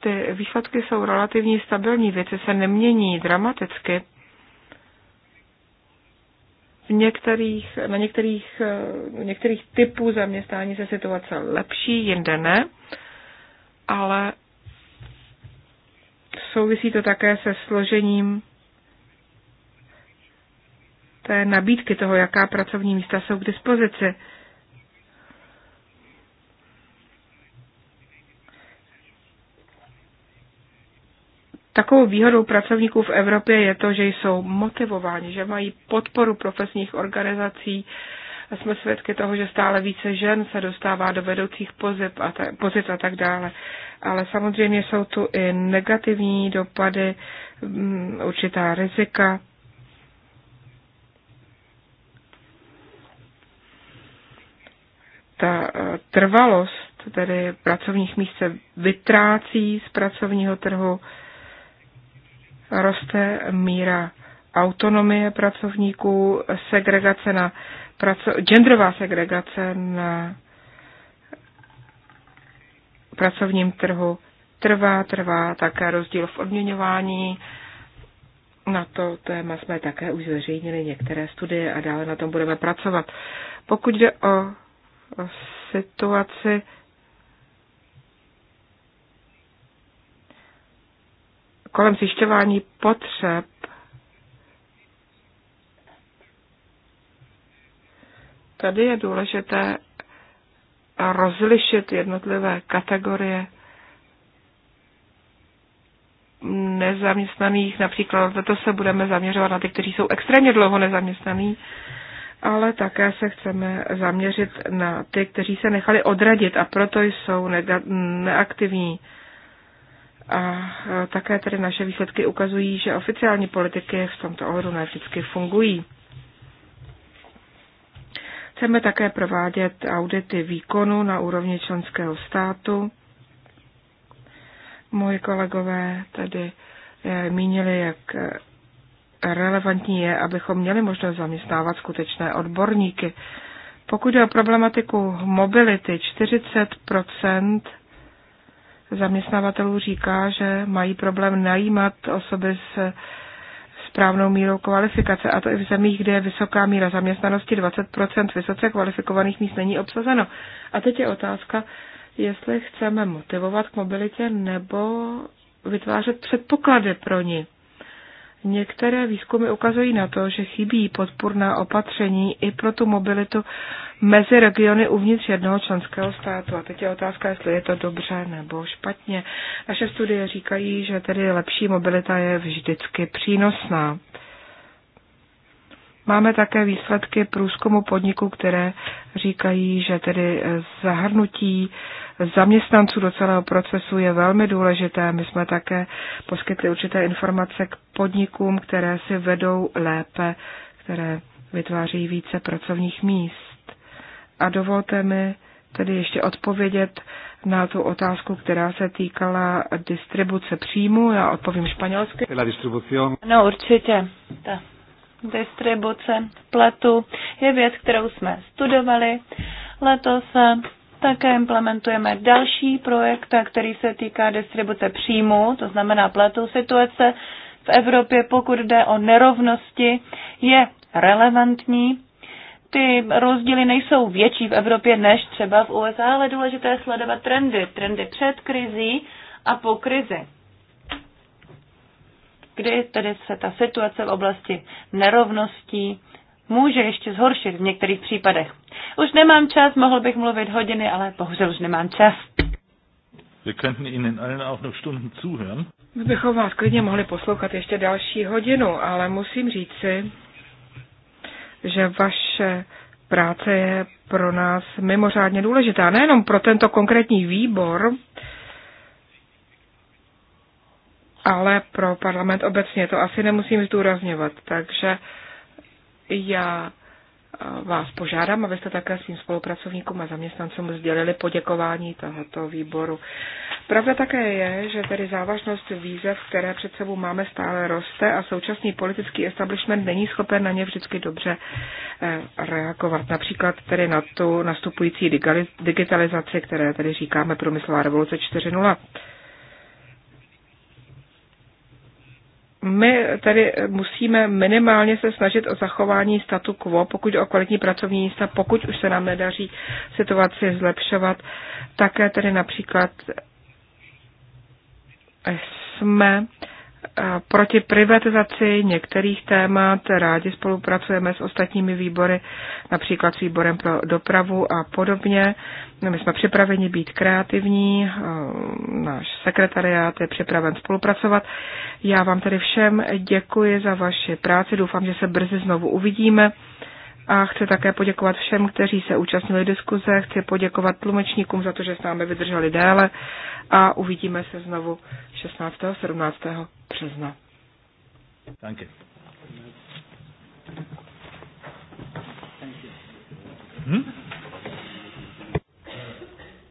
Ty výsledky jsou relativně stabilní, věci se nemění dramaticky. V některých, na některých, některých typů zaměstnání se situace lepší, jinde ne, ale Souvisí to také se složením té nabídky toho, jaká pracovní místa jsou k dispozici. Takovou výhodou pracovníků v Evropě je to, že jsou motivováni, že mají podporu profesních organizací, jsme svědky toho, že stále více žen se dostává do vedoucích pozic a, a tak dále. Ale samozřejmě jsou tu i negativní dopady, um, určitá rizika. Ta eh, trvalost tedy pracovních míst se vytrácí z pracovního trhu, roste míra autonomie pracovníků, segregace na praco- genderová segregace na pracovním trhu trvá, trvá také rozdíl v odměňování. Na to téma jsme také už zveřejnili některé studie a dále na tom budeme pracovat. Pokud jde o, o situaci kolem zjišťování potřeb Tady je důležité rozlišit jednotlivé kategorie nezaměstnaných. Například to se budeme zaměřovat na ty, kteří jsou extrémně dlouho nezaměstnaní, ale také se chceme zaměřit na ty, kteří se nechali odradit a proto jsou neaktivní. A e, také tedy naše výsledky ukazují, že oficiální politiky v tomto ohledu ne vždycky fungují. Chceme také provádět audity výkonu na úrovni členského státu. Moji kolegové tady eh, mínili, jak eh, relevantní je, abychom měli možnost zaměstnávat skutečné odborníky. Pokud je o problematiku mobility, 40 zaměstnavatelů říká, že mají problém najímat osoby s správnou mírou kvalifikace, a to i v zemích, kde je vysoká míra zaměstnanosti, 20% vysoce kvalifikovaných míst není obsazeno. A teď je otázka, jestli chceme motivovat k mobilitě nebo vytvářet předpoklady pro ní. Některé výzkumy ukazují na to, že chybí podpůrná opatření i pro tu mobilitu mezi regiony uvnitř jednoho členského státu. A teď je otázka, jestli je to dobře nebo špatně. Naše studie říkají, že tedy lepší mobilita je vždycky přínosná. Máme také výsledky průzkumu podniku, které říkají, že tedy zahrnutí zaměstnanců do celého procesu je velmi důležité. My jsme také poskytli určité informace k podnikům, které si vedou lépe, které vytváří více pracovních míst. A dovolte mi tedy ještě odpovědět na tu otázku, která se týkala distribuce příjmu. Já odpovím španělsky. No, určitě. Ta distribuce pletu je věc, kterou jsme studovali. Letos také implementujeme další projekt, který se týká distribuce příjmů, to znamená pletu. Situace v Evropě, pokud jde o nerovnosti, je relevantní. Ty rozdíly nejsou větší v Evropě než třeba v USA, ale důležité je sledovat trendy. Trendy před krizí a po krizi kdy tedy se ta situace v oblasti nerovností může ještě zhoršit v některých případech. Už nemám čas, mohl bych mluvit hodiny, ale bohužel už nemám čas. Wir könnten Ihnen allen auch noch Stunden zuhören. My bychom vás klidně mohli poslouchat ještě další hodinu, ale musím říci, že vaše práce je pro nás mimořádně důležitá. Nejenom pro tento konkrétní výbor, ale pro parlament obecně to asi nemusím zdůrazňovat. Takže já eh, vás požádám, abyste také svým spolupracovníkům a zaměstnancům sdělili poděkování tohoto výboru. Pravda také je, že tedy závažnost výzev, které před sebou máme, stále roste a současný politický establishment není schopen na ně vždycky dobře eh, reagovat. Například tedy na tu nastupující digitalizaci, které tedy říkáme průmyslová revoluce 4.0. my tady musíme minimálně se snažit o zachování statu quo, pokud o kvalitní pracovní místa, pokud už se nám nedaří situaci zlepšovat. Také tady například jsme proti privatizaci některých témat. Rádi spolupracujeme s ostatními výbory, například s výborem pro dopravu a podobně. No, my jsme připraveni být kreativní, náš sekretariát je připraven spolupracovat. Já vám tedy všem děkuji za vaši práci, doufám, že se brzy znovu uvidíme. A chci také poděkovat všem, kteří se účastnili diskuze, chci poděkovat tlumečníkům za to, že s námi vydrželi déle a uvidíme se znovu 16. 17 března. Danke. Hmm?